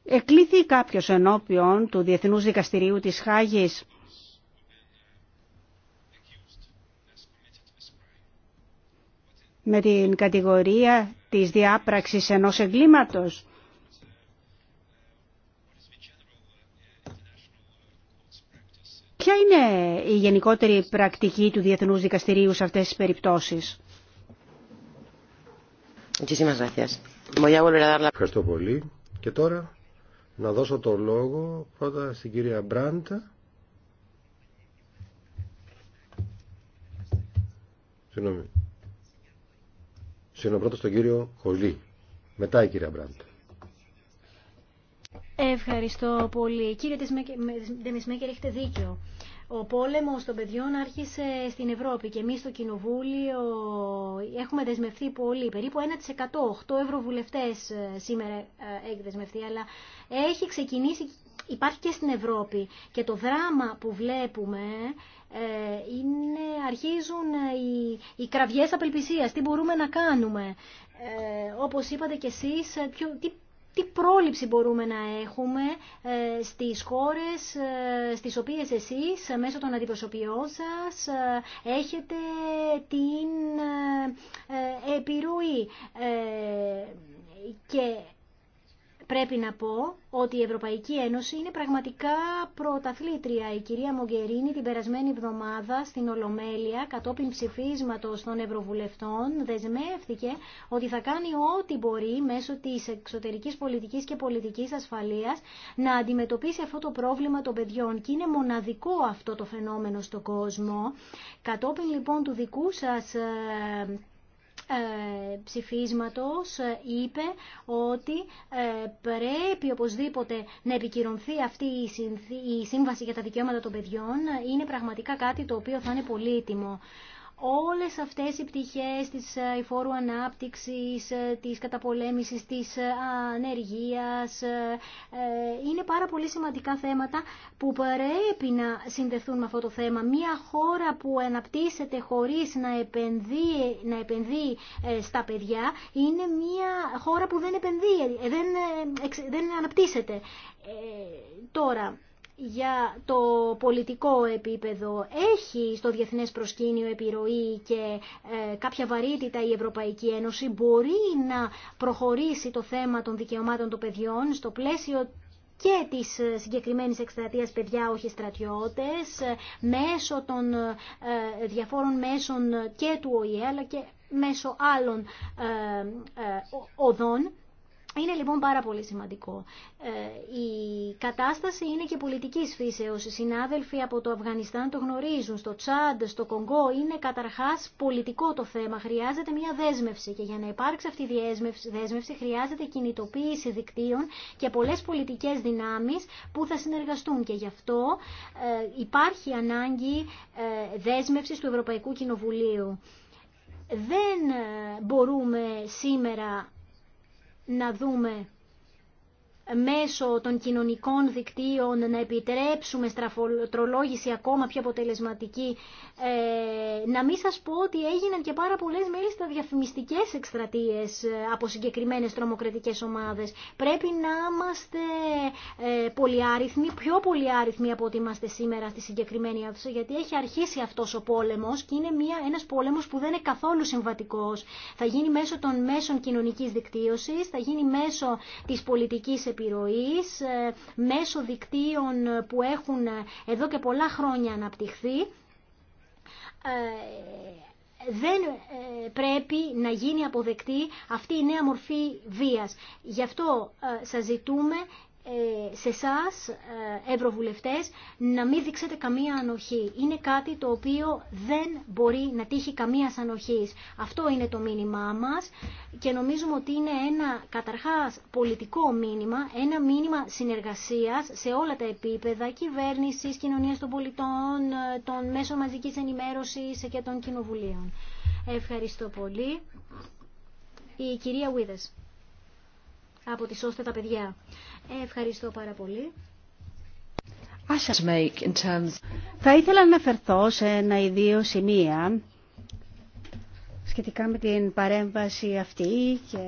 Εκλήθη κάποιος ενώπιον του Διεθνούς Δικαστηρίου της Χάγης με την κατηγορία της διάπραξης ενός εγκλήματος. Ποια είναι η γενικότερη πρακτική του Διεθνούς Δικαστηρίου σε αυτές τις περιπτώσεις. Ευχαριστώ πολύ. Και τώρα να δώσω το λόγο πρώτα στην κυρία Μπράντα. Συγγνώμη. Συγγνώμη πρώτα στον κύριο Χολή. Μετά η κυρία Μπραντ. Ευχαριστώ πολύ. Κύριε Ντεμισμέκερ, έχετε δίκιο. Ο πόλεμος των παιδιών άρχισε στην Ευρώπη και εμείς στο Κοινοβούλιο έχουμε δεσμευθεί πολύ. Περίπου 1% 8 ευρωβουλευτές ε, σήμερα ε, έχει δεσμευθεί. αλλά έχει ξεκινήσει υπάρχει και στην Ευρώπη. Και το δράμα που βλέπουμε ε, είναι, αρχίζουν ε, οι, οι κραυγές απελπισίας. Τι μπορούμε να κάνουμε. Ε, όπως είπατε κι εσείς, ε, ποιο, τι, πρόληψη μπορούμε να έχουμε στις χώρες στις οποίες εσείς μέσω των αντιπροσωπιών σας έχετε την επιρροή. Και πρέπει να πω ότι η Ευρωπαϊκή Ένωση είναι πραγματικά πρωταθλήτρια. Η κυρία Μογκερίνη την περασμένη εβδομάδα στην Ολομέλεια, κατόπιν ψηφίσματος των Ευρωβουλευτών, δεσμεύτηκε ότι θα κάνει ό,τι μπορεί μέσω τη εξωτερική πολιτική και πολιτική ασφαλείας να αντιμετωπίσει αυτό το πρόβλημα των παιδιών. Και είναι μοναδικό αυτό το φαινόμενο στον κόσμο. Κατόπιν λοιπόν του δικού σα. Ε, ε, ψηφίσματος ε, είπε ότι ε, πρέπει οπωσδήποτε να επικυρωθεί αυτή η σύμβαση για τα δικαιώματα των παιδιών. Είναι πραγματικά κάτι το οποίο θα είναι πολύτιμο όλες αυτές οι πτυχές της υφόρου ε, ανάπτυξης, ε, της καταπολέμησης της ε, ανεργίας είναι πάρα πολύ σημαντικά θέματα που πρέπει να συνδεθούν με αυτό το θέμα. Μία χώρα που αναπτύσσεται χωρίς να επενδύει, να επενδύει στα παιδιά είναι μία χώρα που δεν επενδύει, δεν, δεν αναπτύσσεται. τώρα, για το πολιτικό επίπεδο. Έχει στο διεθνές προσκήνιο επιρροή και ε, κάποια βαρύτητα η Ευρωπαϊκή Ένωση μπορεί να προχωρήσει το θέμα των δικαιωμάτων των παιδιών στο πλαίσιο και της ε, συγκεκριμένης εκστρατείας παιδιά όχι στρατιώτες ε, μέσω των διαφόρων μέσων και του ΟΗΕ αλλά και μέσω άλλων οδών είναι λοιπόν πάρα πολύ σημαντικό. Ε, η κατάσταση είναι και πολιτικής φύσεως. Οι συνάδελφοι από το Αφγανιστάν το γνωρίζουν. Στο Τσάντ, στο Κονγκό είναι καταρχάς πολιτικό το θέμα. Χρειάζεται μια δέσμευση και για να υπάρξει αυτή η δέσμευση, χρειάζεται κινητοποίηση δικτύων και πολλές πολιτικές δυνάμεις που θα συνεργαστούν. Και γι' αυτό ε, υπάρχει ανάγκη ε, δέσμευση του Ευρωπαϊκού Κοινοβουλίου. Δεν μπορούμε σήμερα να δούμε μέσω των κοινωνικών δικτύων να επιτρέψουμε στραφολόγηση ακόμα πιο αποτελεσματική. Ε, να μην σας πω ότι έγιναν και πάρα πολλές μέλη στα διαφημιστικές εκστρατείες ε, από συγκεκριμένες τρομοκρατικές ομάδες. Πρέπει να είμαστε ε, πολυάριθμοι, πιο πολυάριθμοι από ότι είμαστε σήμερα στη συγκεκριμένη αύξηση, γιατί έχει αρχίσει αυτός ο πόλεμος και είναι μια, ένας πόλεμος που δεν είναι καθόλου συμβατικός. Θα γίνει μέσω των μέσων κοινωνικής δικτύωσης, θα γίνει μέσω της πολιτικής επιρροής ε, μέσω δικτύων που έχουν ε, εδώ και πολλά χρόνια αναπτυχθεί ε, δεν πρέπει να γίνει αποδεκτή αυτή η νέα μορφή βίας. Γι' αυτό σας ζητούμε ε, σε εσά, ε, ευρωβουλευτέ, να μην δείξετε καμία ανοχή. Είναι κάτι το οποίο δεν μπορεί να τύχει καμία ανοχή. Αυτό είναι το μήνυμά μας και νομίζουμε ότι είναι ένα καταρχάς πολιτικό μήνυμα, ένα μήνυμα συνεργασία σε όλα τα επίπεδα κυβέρνηση, κοινωνία των πολιτών, ε, των μέσων μαζικής ενημέρωσης και των κοινοβουλίων. Ευχαριστώ πολύ. Η κυρία Βίδες από τη σώστα τα παιδιά. Ε, ευχαριστώ πάρα πολύ. Θα ήθελα να αναφερθώ σε ένα ή δύο σημεία σχετικά με την παρέμβαση αυτή και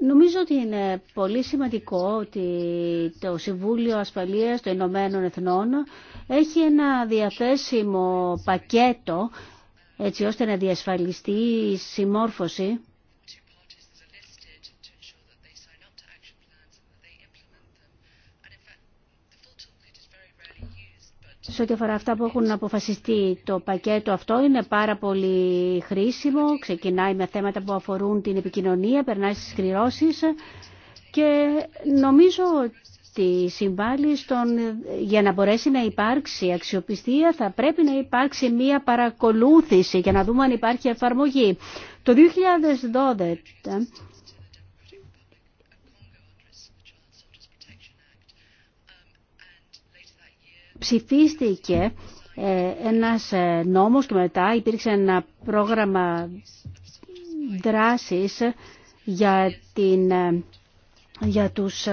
Νομίζω ότι είναι πολύ σημαντικό ότι το Συμβούλιο Ασφαλείας των Ηνωμένων Εθνών έχει ένα διαθέσιμο πακέτο έτσι ώστε να διασφαλιστεί η συμμόρφωση σε ό,τι αφορά αυτά που έχουν αποφασιστεί. Το πακέτο αυτό είναι πάρα πολύ χρήσιμο. Ξεκινάει με θέματα που αφορούν την επικοινωνία, περνάει στις κληρώσεις και νομίζω ότι συμβάλλει στον, για να μπορέσει να υπάρξει αξιοπιστία θα πρέπει να υπάρξει μία παρακολούθηση για να δούμε αν υπάρχει εφαρμογή. Το 2012 ψηφίστηκε ε, ένας ε, νόμος και μετά υπήρξε ένα πρόγραμμα δράσης για, την, ε, για τους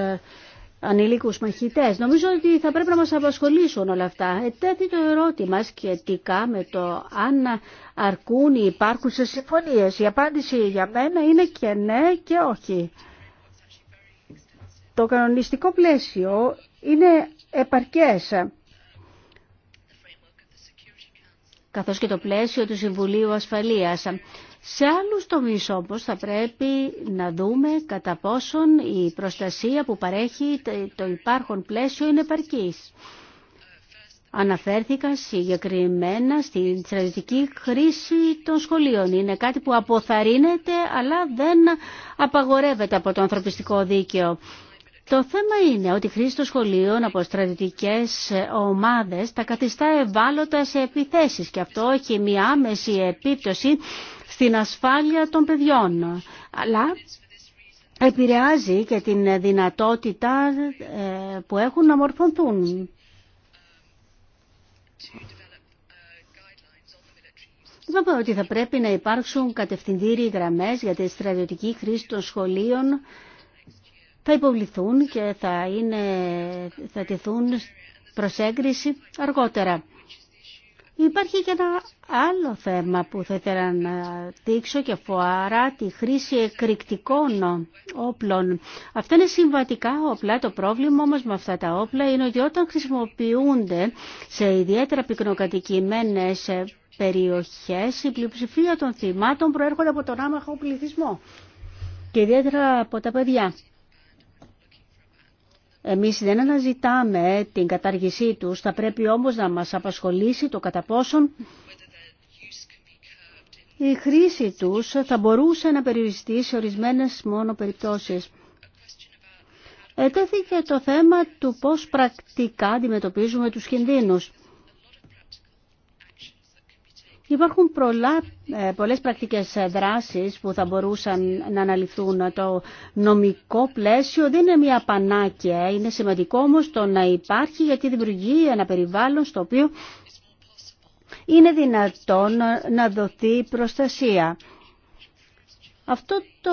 ανηλίκους μαχητές. Νομίζω ότι θα πρέπει να μας απασχολήσουν όλα αυτά. Ετέθη το ερώτημα σχετικά με το αν αρκούν οι υπάρχουσε συμφωνίες. Η απάντηση για μένα είναι και ναι και όχι. Το κανονιστικό πλαίσιο είναι επαρκές. καθώς και το πλαίσιο του Συμβουλίου Ασφαλείας. Σε άλλους τομείς όμως θα πρέπει να δούμε κατά πόσον η προστασία που παρέχει το υπάρχον πλαίσιο είναι επαρκής. Αναφέρθηκα συγκεκριμένα στην στρατιωτική χρήση των σχολείων. Είναι κάτι που αποθαρρύνεται αλλά δεν απαγορεύεται από το ανθρωπιστικό δίκαιο. Το θέμα είναι ότι η χρήση των σχολείων από στρατιωτικέ ομάδες τα καθιστά ευάλωτα σε επιθέσεις και αυτό έχει μια άμεση επίπτωση στην ασφάλεια των παιδιών. Αλλά επηρεάζει και την δυνατότητα ε, που έχουν να μορφωθούν. πω ότι θα πρέπει να υπάρξουν κατευθυντήριοι γραμμές για τη στρατιωτική χρήση των σχολείων. Θα υποβληθούν και θα, είναι, θα τεθούν προς έγκριση αργότερα. Υπάρχει και ένα άλλο θέμα που θα ήθελα να δείξω και αφορά τη χρήση εκρηκτικών όπλων. Αυτά είναι συμβατικά όπλα. Το πρόβλημα όμως με αυτά τα όπλα είναι ότι όταν χρησιμοποιούνται σε ιδιαίτερα πυκνοκατοικημένες περιοχές, η πλειοψηφία των θυμάτων προέρχονται από τον άμαχο πληθυσμό και ιδιαίτερα από τα παιδιά. Εμείς δεν αναζητάμε την κατάργησή τους, θα πρέπει όμως να μας απασχολήσει το κατά πόσον η χρήση τους θα μπορούσε να περιοριστεί σε ορισμένες μόνο περιπτώσεις. Ετέθηκε το θέμα του πώς πρακτικά αντιμετωπίζουμε τους κινδύνους. Υπάρχουν πολλά ε, πολλές πρακτικές ε, δράσεις που θα μπορούσαν να αναλυθούν. Το νομικό πλαίσιο δεν είναι μια πανάκια. Είναι σημαντικό όμως το να υπάρχει γιατί δημιουργεί ένα περιβάλλον στο οποίο είναι δυνατόν να δοθεί προστασία. Αυτό το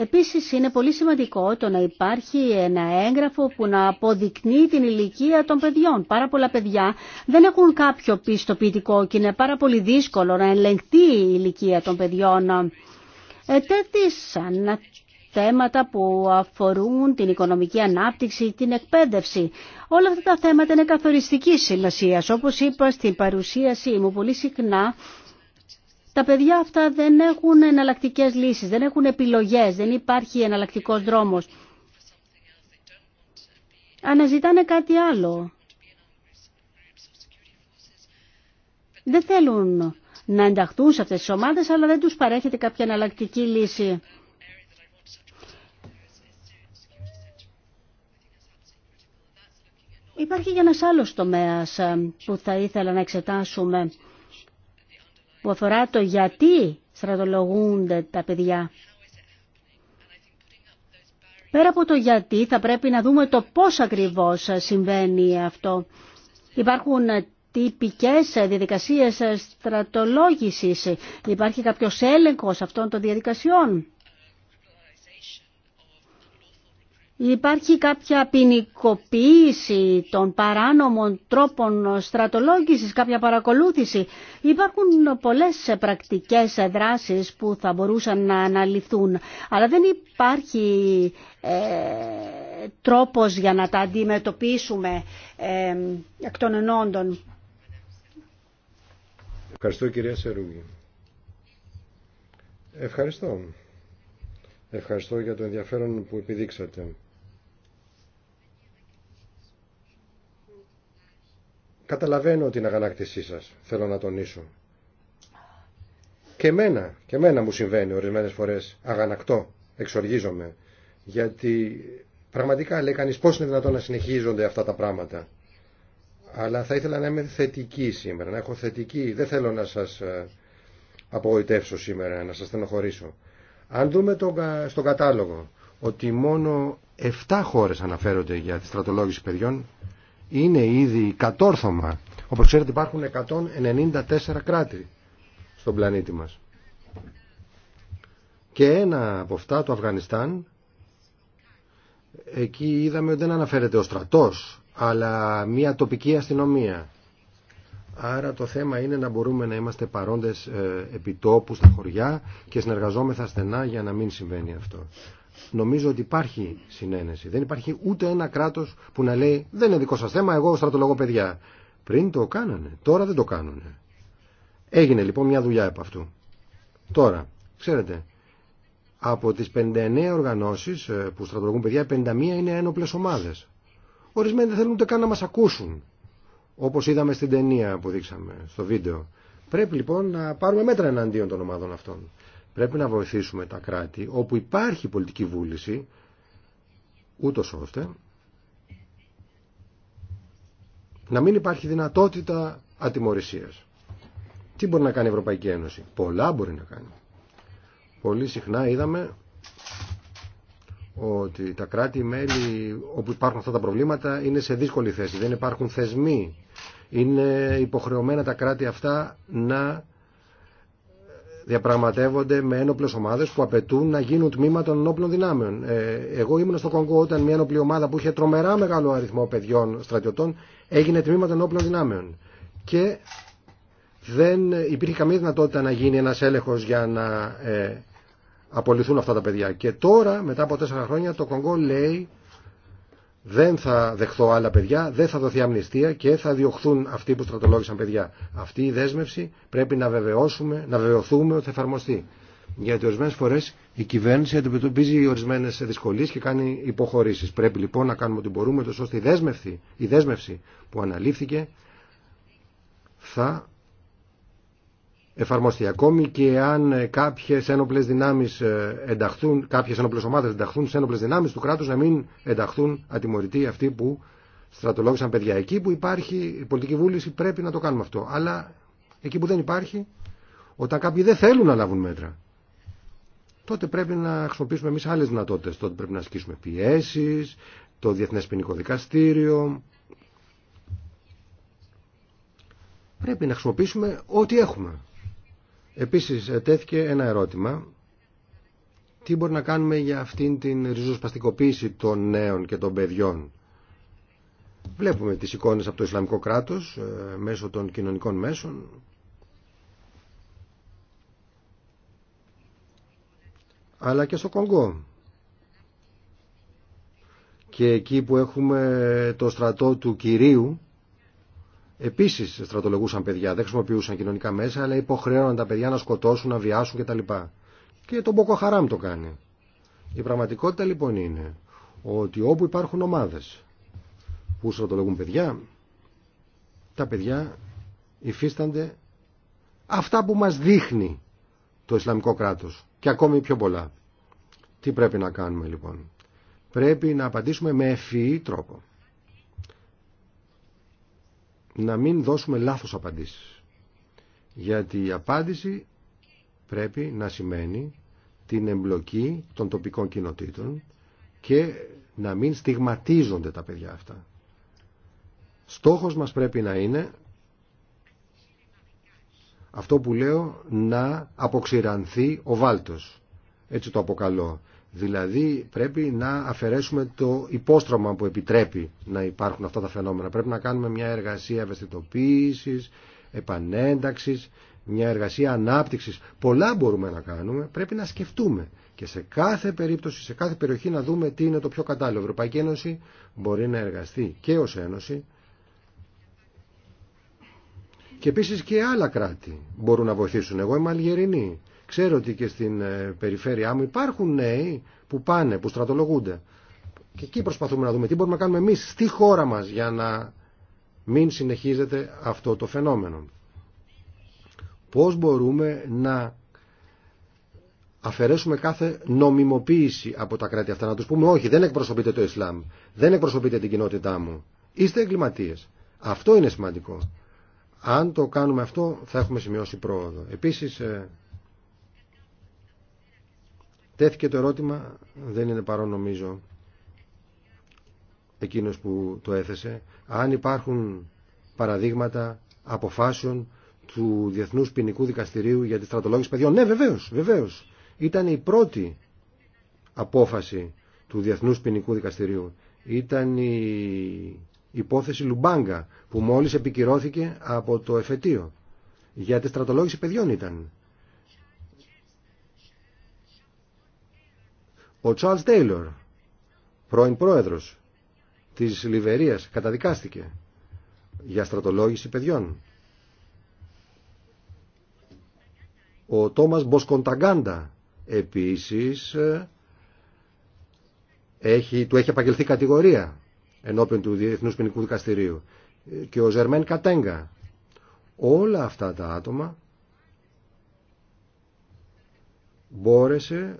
επίσης είναι πολύ σημαντικό το να υπάρχει ένα έγγραφο που να αποδεικνύει την ηλικία των παιδιών. Πάρα πολλά παιδιά δεν έχουν κάποιο πιστοποιητικό και είναι πάρα πολύ δύσκολο να ελεγχθεί η ηλικία των παιδιών. Ετέθησαν θέματα που αφορούν την οικονομική ανάπτυξη, την εκπαίδευση. Όλα αυτά τα θέματα είναι καθοριστική σημασία. Όπως είπα στην παρουσίασή μου, πολύ συχνά τα παιδιά αυτά δεν έχουν εναλλακτικέ λύσεις, δεν έχουν επιλογές, δεν υπάρχει εναλλακτικό δρόμος. Αναζητάνε κάτι άλλο. Δεν θέλουν να ενταχθούν σε αυτές τις ομάδες, αλλά δεν τους παρέχεται κάποια εναλλακτική λύση. Υπάρχει και ένας άλλος τομέας ε, που θα ήθελα να εξετάσουμε που αφορά το γιατί στρατολογούνται τα παιδιά. Πέρα από το γιατί θα πρέπει να δούμε το πώς ακριβώς συμβαίνει αυτό. Υπάρχουν τυπικές διαδικασίες στρατολόγησης. Υπάρχει κάποιος έλεγχος αυτών των διαδικασιών. Υπάρχει κάποια ποινικοποίηση των παράνομων τρόπων στρατολόγησης, κάποια παρακολούθηση. Υπάρχουν πολλές πρακτικές δράσεις που θα μπορούσαν να αναλυθούν, αλλά δεν υπάρχει ε, τρόπος για να τα αντιμετωπίσουμε ε, εκ των ενόντων. Ευχαριστώ κυρία Σερούγη. Ευχαριστώ. Ευχαριστώ για το ενδιαφέρον που επιδείξατε. Καταλαβαίνω την αγανάκτησή σας, θέλω να τονίσω. Και εμένα, και εμένα μου συμβαίνει ορισμένες φορές αγανακτό, εξοργίζομαι, γιατί πραγματικά λέει κανείς πώς είναι δυνατόν να συνεχίζονται αυτά τα πράγματα. Αλλά θα ήθελα να είμαι θετική σήμερα, να έχω θετική, δεν θέλω να σας ε, απογοητεύσω σήμερα, να σας στενοχωρήσω. Αν δούμε στον κατάλογο ότι μόνο 7 χώρες αναφέρονται για τη στρατολόγηση παιδιών, είναι ήδη κατόρθωμα. Όπως ξέρετε υπάρχουν 194 κράτη στον πλανήτη μας. Και ένα από αυτά, το Αφγανιστάν, εκεί είδαμε ότι δεν αναφέρεται ο στρατός, αλλά μια τοπική αστυνομία. Άρα το θέμα είναι να μπορούμε να είμαστε παρόντες ε, επιτόπου στα χωριά και συνεργαζόμεθα στενά για να μην συμβαίνει αυτό. Νομίζω ότι υπάρχει συνένεση. Δεν υπάρχει ούτε ένα κράτο που να λέει δεν είναι δικό σα θέμα, εγώ στρατολογώ παιδιά. Πριν το κάνανε, τώρα δεν το κάνουν. Έγινε λοιπόν μια δουλειά από αυτού. Τώρα, ξέρετε, από τι 59 οργανώσει ε, που στρατολογούν παιδιά, 51 είναι ένοπλε ομάδε. Ορισμένοι δεν θέλουν ούτε καν να μα ακούσουν, Όπω είδαμε στην ταινία που δείξαμε, στο βίντεο. Πρέπει λοιπόν να πάρουμε μέτρα εναντίον των ομάδων αυτών. Πρέπει να βοηθήσουμε τα κράτη όπου υπάρχει πολιτική βούληση, ούτω ώστε να μην υπάρχει δυνατότητα ατιμορρησίας. Τι μπορεί να κάνει η Ευρωπαϊκή Ένωση. Πολλά μπορεί να κάνει. Πολύ συχνά είδαμε ότι τα κράτη-μέλη όπου υπάρχουν αυτά τα προβλήματα είναι σε δύσκολη θέση. Δεν υπάρχουν θεσμοί. Είναι υποχρεωμένα τα κράτη αυτά να διαπραγματεύονται με ένοπλες ομάδες που απαιτούν να γίνουν τμήμα των ενόπλων δυνάμεων. Ε, εγώ ήμουν στο Κονγκό όταν μια ένοπλη ομάδα που είχε τρομερά μεγάλο αριθμό παιδιών στρατιωτών έγινε τμήμα των ενόπλων δυνάμεων. Και δεν υπήρχε καμία δυνατότητα να γίνει ένας έλεγχος για να ε, απολυθούν αυτά τα παιδιά. Και τώρα, μετά από τέσσερα χρόνια, το Κονγκό λέει δεν θα δεχθώ άλλα παιδιά, δεν θα δοθεί αμνηστία και θα διωχθούν αυτοί που στρατολόγησαν παιδιά. Αυτή η δέσμευση πρέπει να, βεβαιώσουμε, να βεβαιωθούμε ότι θα εφαρμοστεί. Γιατί ορισμένε φορέ η κυβέρνηση αντιμετωπίζει ορισμένε δυσκολίε και κάνει υποχωρήσει. Πρέπει λοιπόν να κάνουμε ό,τι μπορούμε, τόσο ώστε η δέσμευση, η δέσμευση που αναλήφθηκε θα εφαρμοστεί ακόμη και αν ε, κάποιες ένοπλες δυνάμεις ε, ενταχθούν, κάποιες ένοπλες ομάδες ενταχθούν σε ένοπλες δυνάμεις του κράτους να μην ενταχθούν ατιμωρητοί αυτοί που στρατολόγησαν παιδιά. Εκεί που υπάρχει η πολιτική βούληση πρέπει να το κάνουμε αυτό. Αλλά εκεί που δεν υπάρχει, όταν κάποιοι δεν θέλουν να λάβουν μέτρα, τότε πρέπει να χρησιμοποιήσουμε εμείς άλλες δυνατότητες. Τότε πρέπει να ασκήσουμε πιέσεις, το Διεθνές Ποινικό Δικαστήριο. Πρέπει να χρησιμοποιήσουμε ό,τι έχουμε. Επίσης, ε, τέθηκε ένα ερώτημα. Τι μπορεί να κάνουμε για αυτήν την ριζοσπαστικοποίηση των νέων και των παιδιών. Βλέπουμε τις εικόνες από το Ισλαμικό κράτος ε, μέσω των κοινωνικών μέσων. Αλλά και στο Κονγκό. Και εκεί που έχουμε το στρατό του Κυρίου Επίση στρατολογούσαν παιδιά, δεν χρησιμοποιούσαν κοινωνικά μέσα, αλλά υποχρέωναν τα παιδιά να σκοτώσουν, να βιάσουν κτλ. Και τον Μποκοχαράμ το κάνει. Η πραγματικότητα λοιπόν είναι ότι όπου υπάρχουν ομάδε που στρατολογούν παιδιά, τα παιδιά υφίστανται αυτά που μας δείχνει το Ισλαμικό κράτος και ακόμη πιο πολλά. Τι πρέπει να κάνουμε λοιπόν. Πρέπει να απαντήσουμε με ευφυή τρόπο να μην δώσουμε λάθος απαντήσεις. Γιατί η απάντηση πρέπει να σημαίνει την εμπλοκή των τοπικών κοινοτήτων και να μην στιγματίζονται τα παιδιά αυτά. Στόχος μας πρέπει να είναι αυτό που λέω να αποξηρανθεί ο βάλτος. Έτσι το αποκαλώ. Δηλαδή πρέπει να αφαιρέσουμε το υπόστρωμα που επιτρέπει να υπάρχουν αυτά τα φαινόμενα. Πρέπει να κάνουμε μια εργασία ευαισθητοποίησης, επανένταξης, μια εργασία ανάπτυξης. Πολλά μπορούμε να κάνουμε, πρέπει να σκεφτούμε και σε κάθε περίπτωση, σε κάθε περιοχή να δούμε τι είναι το πιο κατάλληλο. Η Ευρωπαϊκή Ένωση μπορεί να εργαστεί και ως Ένωση και επίσης και άλλα κράτη μπορούν να βοηθήσουν. Εγώ είμαι Αλγερινή Ξέρω ότι και στην ε, περιφέρειά μου υπάρχουν νέοι που πάνε, που στρατολογούνται. Και εκεί προσπαθούμε να δούμε τι μπορούμε να κάνουμε εμείς στη χώρα μας για να μην συνεχίζεται αυτό το φαινόμενο. Πώς μπορούμε να αφαιρέσουμε κάθε νομιμοποίηση από τα κράτη αυτά. Να τους πούμε όχι, δεν εκπροσωπείτε το Ισλάμ, δεν εκπροσωπείτε την κοινότητά μου. Είστε εγκληματίες. Αυτό είναι σημαντικό. Αν το κάνουμε αυτό θα έχουμε σημειώσει πρόοδο. Επίσης ε, Τέθηκε το ερώτημα, δεν είναι παρόν νομίζω εκείνος που το έθεσε, αν υπάρχουν παραδείγματα αποφάσεων του Διεθνούς Ποινικού Δικαστηρίου για τη στρατολόγηση παιδιών. Ναι, βεβαίως, βεβαίως. Ήταν η πρώτη απόφαση του Διεθνούς Ποινικού Δικαστηρίου. Ήταν η υπόθεση Λουμπάγκα που μόλις επικυρώθηκε από το εφετείο. Για τη στρατολόγηση παιδιών ήταν. Ο Τσάλς Τέιλορ, πρώην πρόεδρος της Λιβερίας, καταδικάστηκε για στρατολόγηση παιδιών. Ο Τόμας Μποσκονταγκάντα επίσης ε, έχει, του έχει απαγγελθεί κατηγορία ενώπιον του Διεθνούς Ποινικού Δικαστηρίου ε, και ο Ζερμέν Κατέγκα. Όλα αυτά τα άτομα μπόρεσε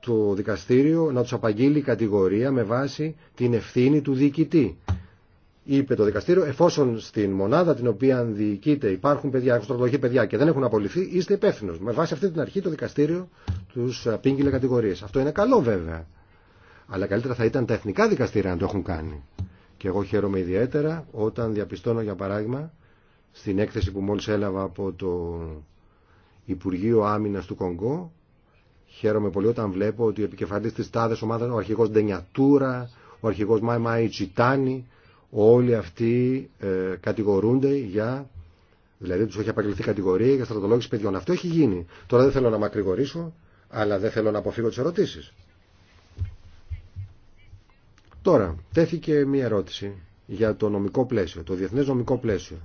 το δικαστήριο να τους απαγγείλει κατηγορία με βάση την ευθύνη του διοικητή. Είπε το δικαστήριο, εφόσον στην μονάδα την οποία διοικείται υπάρχουν παιδιά, έχουν παιδιά και δεν έχουν απολυθεί, είστε υπεύθυνο. Με βάση αυτή την αρχή το δικαστήριο του απήγγειλε κατηγορίε. Αυτό είναι καλό βέβαια. Αλλά καλύτερα θα ήταν τα εθνικά δικαστήρια να το έχουν κάνει. Και εγώ χαίρομαι ιδιαίτερα όταν διαπιστώνω, για παράδειγμα, στην έκθεση που μόλι έλαβα από το Υπουργείο Άμυνα του Κονγκό, Χαίρομαι πολύ όταν βλέπω ότι ο επικεφαλή της τάδε ομάδας, ο αρχηγός Ντενιατούρα, ο αρχηγός Μάι Τσιτάνη, όλοι αυτοί ε, κατηγορούνται για, δηλαδή του έχει απαγγελθεί κατηγορία για στρατολόγηση παιδιών. Αυτό έχει γίνει. Τώρα δεν θέλω να μακρηγορήσω, αλλά δεν θέλω να αποφύγω τι ερωτήσει. Τώρα, τέθηκε μία ερώτηση για το νομικό πλαίσιο, το διεθνέ νομικό πλαίσιο.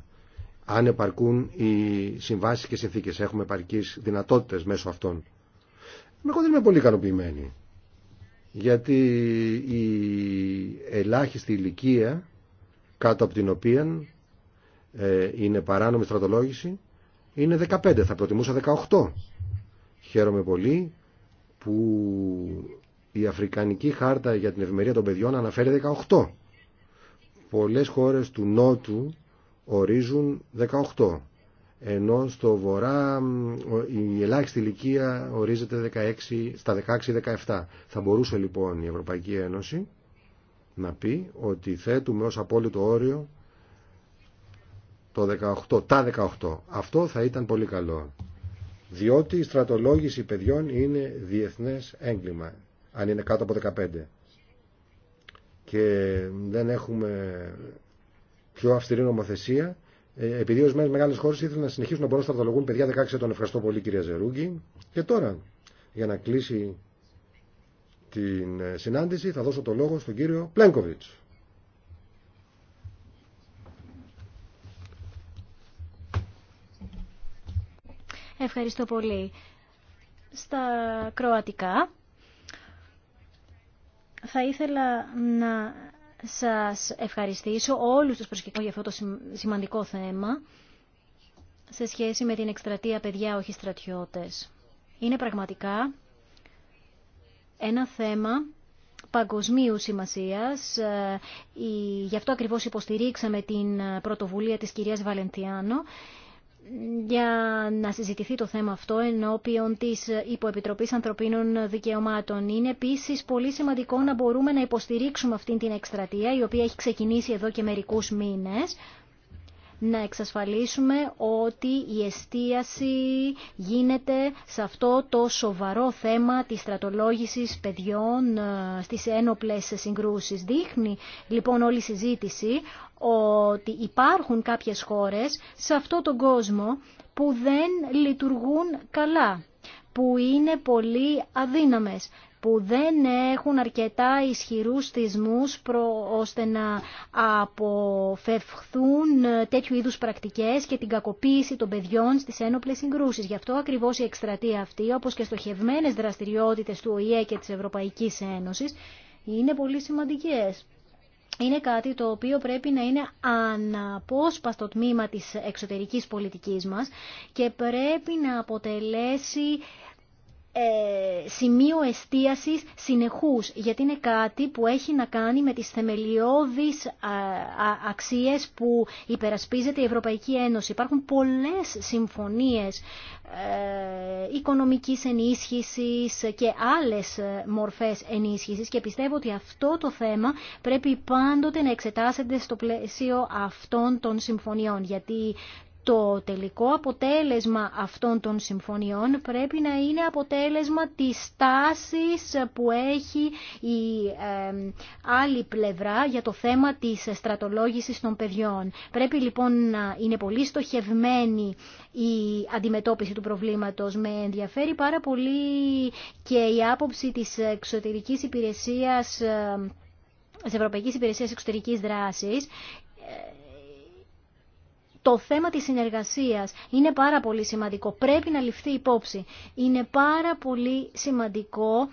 Αν επαρκούν οι συμβάσει και συνθήκε έχουμε επαρκεί δυνατότητε μέσω αυτών. Εγώ δεν είμαι πολύ ικανοποιημένη. Γιατί η ελάχιστη ηλικία κάτω από την οποία ε, είναι παράνομη στρατολόγηση είναι 15. Θα προτιμούσα 18. Χαίρομαι πολύ που η Αφρικανική Χάρτα για την Ευημερία των Παιδιών αναφέρει 18. Πολλές χώρες του Νότου ορίζουν 18 ενώ στο βορρά η ελάχιστη ηλικία ορίζεται 16, στα 16-17. Θα μπορούσε λοιπόν η Ευρωπαϊκή Ένωση να πει ότι θέτουμε ως απόλυτο όριο το 18, τα 18. Αυτό θα ήταν πολύ καλό. Διότι η στρατολόγηση παιδιών είναι διεθνές έγκλημα, αν είναι κάτω από 15. Και δεν έχουμε πιο αυστηρή νομοθεσία ε, επειδή ορισμένε μεγάλε χώρε ήθελαν να συνεχίσουν να μπορούν να στρατολογούν παιδιά 16 ετών. Ευχαριστώ πολύ, κυρία Ζερούγκη. Και τώρα, για να κλείσει την ε, συνάντηση, θα δώσω το λόγο στον κύριο Πλένκοβιτ. Ευχαριστώ πολύ. Στα κροατικά θα ήθελα να σας ευχαριστήσω όλους τους προσκεκτικούς για αυτό το σημαντικό θέμα σε σχέση με την εκστρατεία παιδιά όχι στρατιώτες. Είναι πραγματικά ένα θέμα παγκοσμίου σημασίας. Ε, γι' αυτό ακριβώς υποστηρίξαμε την πρωτοβουλία της κυρίας Βαλεντιάνο για να συζητηθεί το θέμα αυτό ενώπιον της Υποεπιτροπής Ανθρωπίνων Δικαιωμάτων. Είναι επίσης πολύ σημαντικό να μπορούμε να υποστηρίξουμε αυτή την εκστρατεία η οποία έχει ξεκινήσει εδώ και μερικούς μήνες να εξασφαλίσουμε ότι η εστίαση γίνεται σε αυτό το σοβαρό θέμα της στρατολόγησης παιδιών ε, στις ένοπλες συγκρούσεις. Δείχνει λοιπόν όλη η συζήτηση ότι υπάρχουν κάποιες χώρες σε αυτό τον κόσμο που δεν λειτουργούν καλά που είναι πολύ αδύναμες που δεν έχουν αρκετά ισχυρούς θυσμούς προ, ώστε να αποφευχθούν ε, τέτοιου είδους πρακτικές και την κακοποίηση των παιδιών στις ένοπλες συγκρούσεις. Γι' αυτό ακριβώς η εκστρατεία αυτή, όπως και στοχευμένες δραστηριότητες του ΟΗΕ και της Ευρωπαϊκής Ένωσης, είναι πολύ σημαντικές είναι κάτι το οποίο πρέπει να είναι αναπόσπαστο τμήμα της εξωτερικής πολιτικής μας και πρέπει να αποτελέσει ε, σημείο εστίασης συνεχούς, γιατί είναι κάτι που έχει να κάνει με τις θεμελιώδεις αξίες που υπερασπίζεται η Ευρωπαϊκή Ένωση. Υπάρχουν πολλές συμφωνίες ε, οικονομικής ενίσχυσης και άλλες ε, μορφές ενίσχυσης και πιστεύω ότι αυτό το θέμα πρέπει πάντοτε να εξετάσετε στο πλαίσιο αυτών των συμφωνιών, γιατί το τελικό αποτέλεσμα αυτών των συμφωνιών πρέπει να είναι αποτέλεσμα της τάσης που έχει η άλλη πλευρά για το θέμα της στρατολόγησης των παιδιών. Πρέπει λοιπόν να είναι πολύ στοχευμένη η αντιμετώπιση του προβλήματος. Με ενδιαφέρει πάρα πολύ και η άποψη της εξωτερικής υπηρεσίας ε, της Ευρωπαϊκής Υπηρεσίας Εξωτερικής Δράσης ε, το θέμα της συνεργασίας είναι πάρα πολύ σημαντικό. Πρέπει να ληφθεί υπόψη. Είναι πάρα πολύ σημαντικό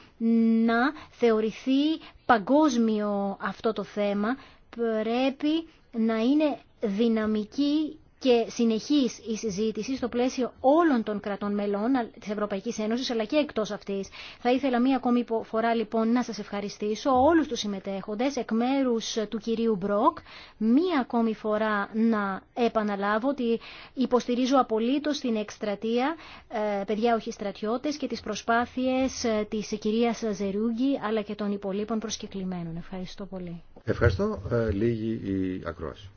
να θεωρηθεί παγκόσμιο αυτό το θέμα. Πρέπει να είναι δυναμική και συνεχής η συζήτηση στο πλαίσιο όλων των κρατών μελών της Ευρωπαϊκής Ένωσης αλλά και εκτός αυτής. Θα ήθελα μία ακόμη φορά λοιπόν να σας ευχαριστήσω όλους τους συμμετέχοντες εκ μέρους του κυρίου Μπροκ. Μία ακόμη φορά να επαναλάβω ότι υποστηρίζω απολύτως την εκστρατεία ε, «Παιδιά όχι στρατιώτες» και τις προσπάθειες ε, της κυρίας Ζερούγκη αλλά και των υπολείπων προσκεκλημένων. Ευχαριστώ πολύ. Ευχαριστώ. Ε, λίγη η ακρόαση.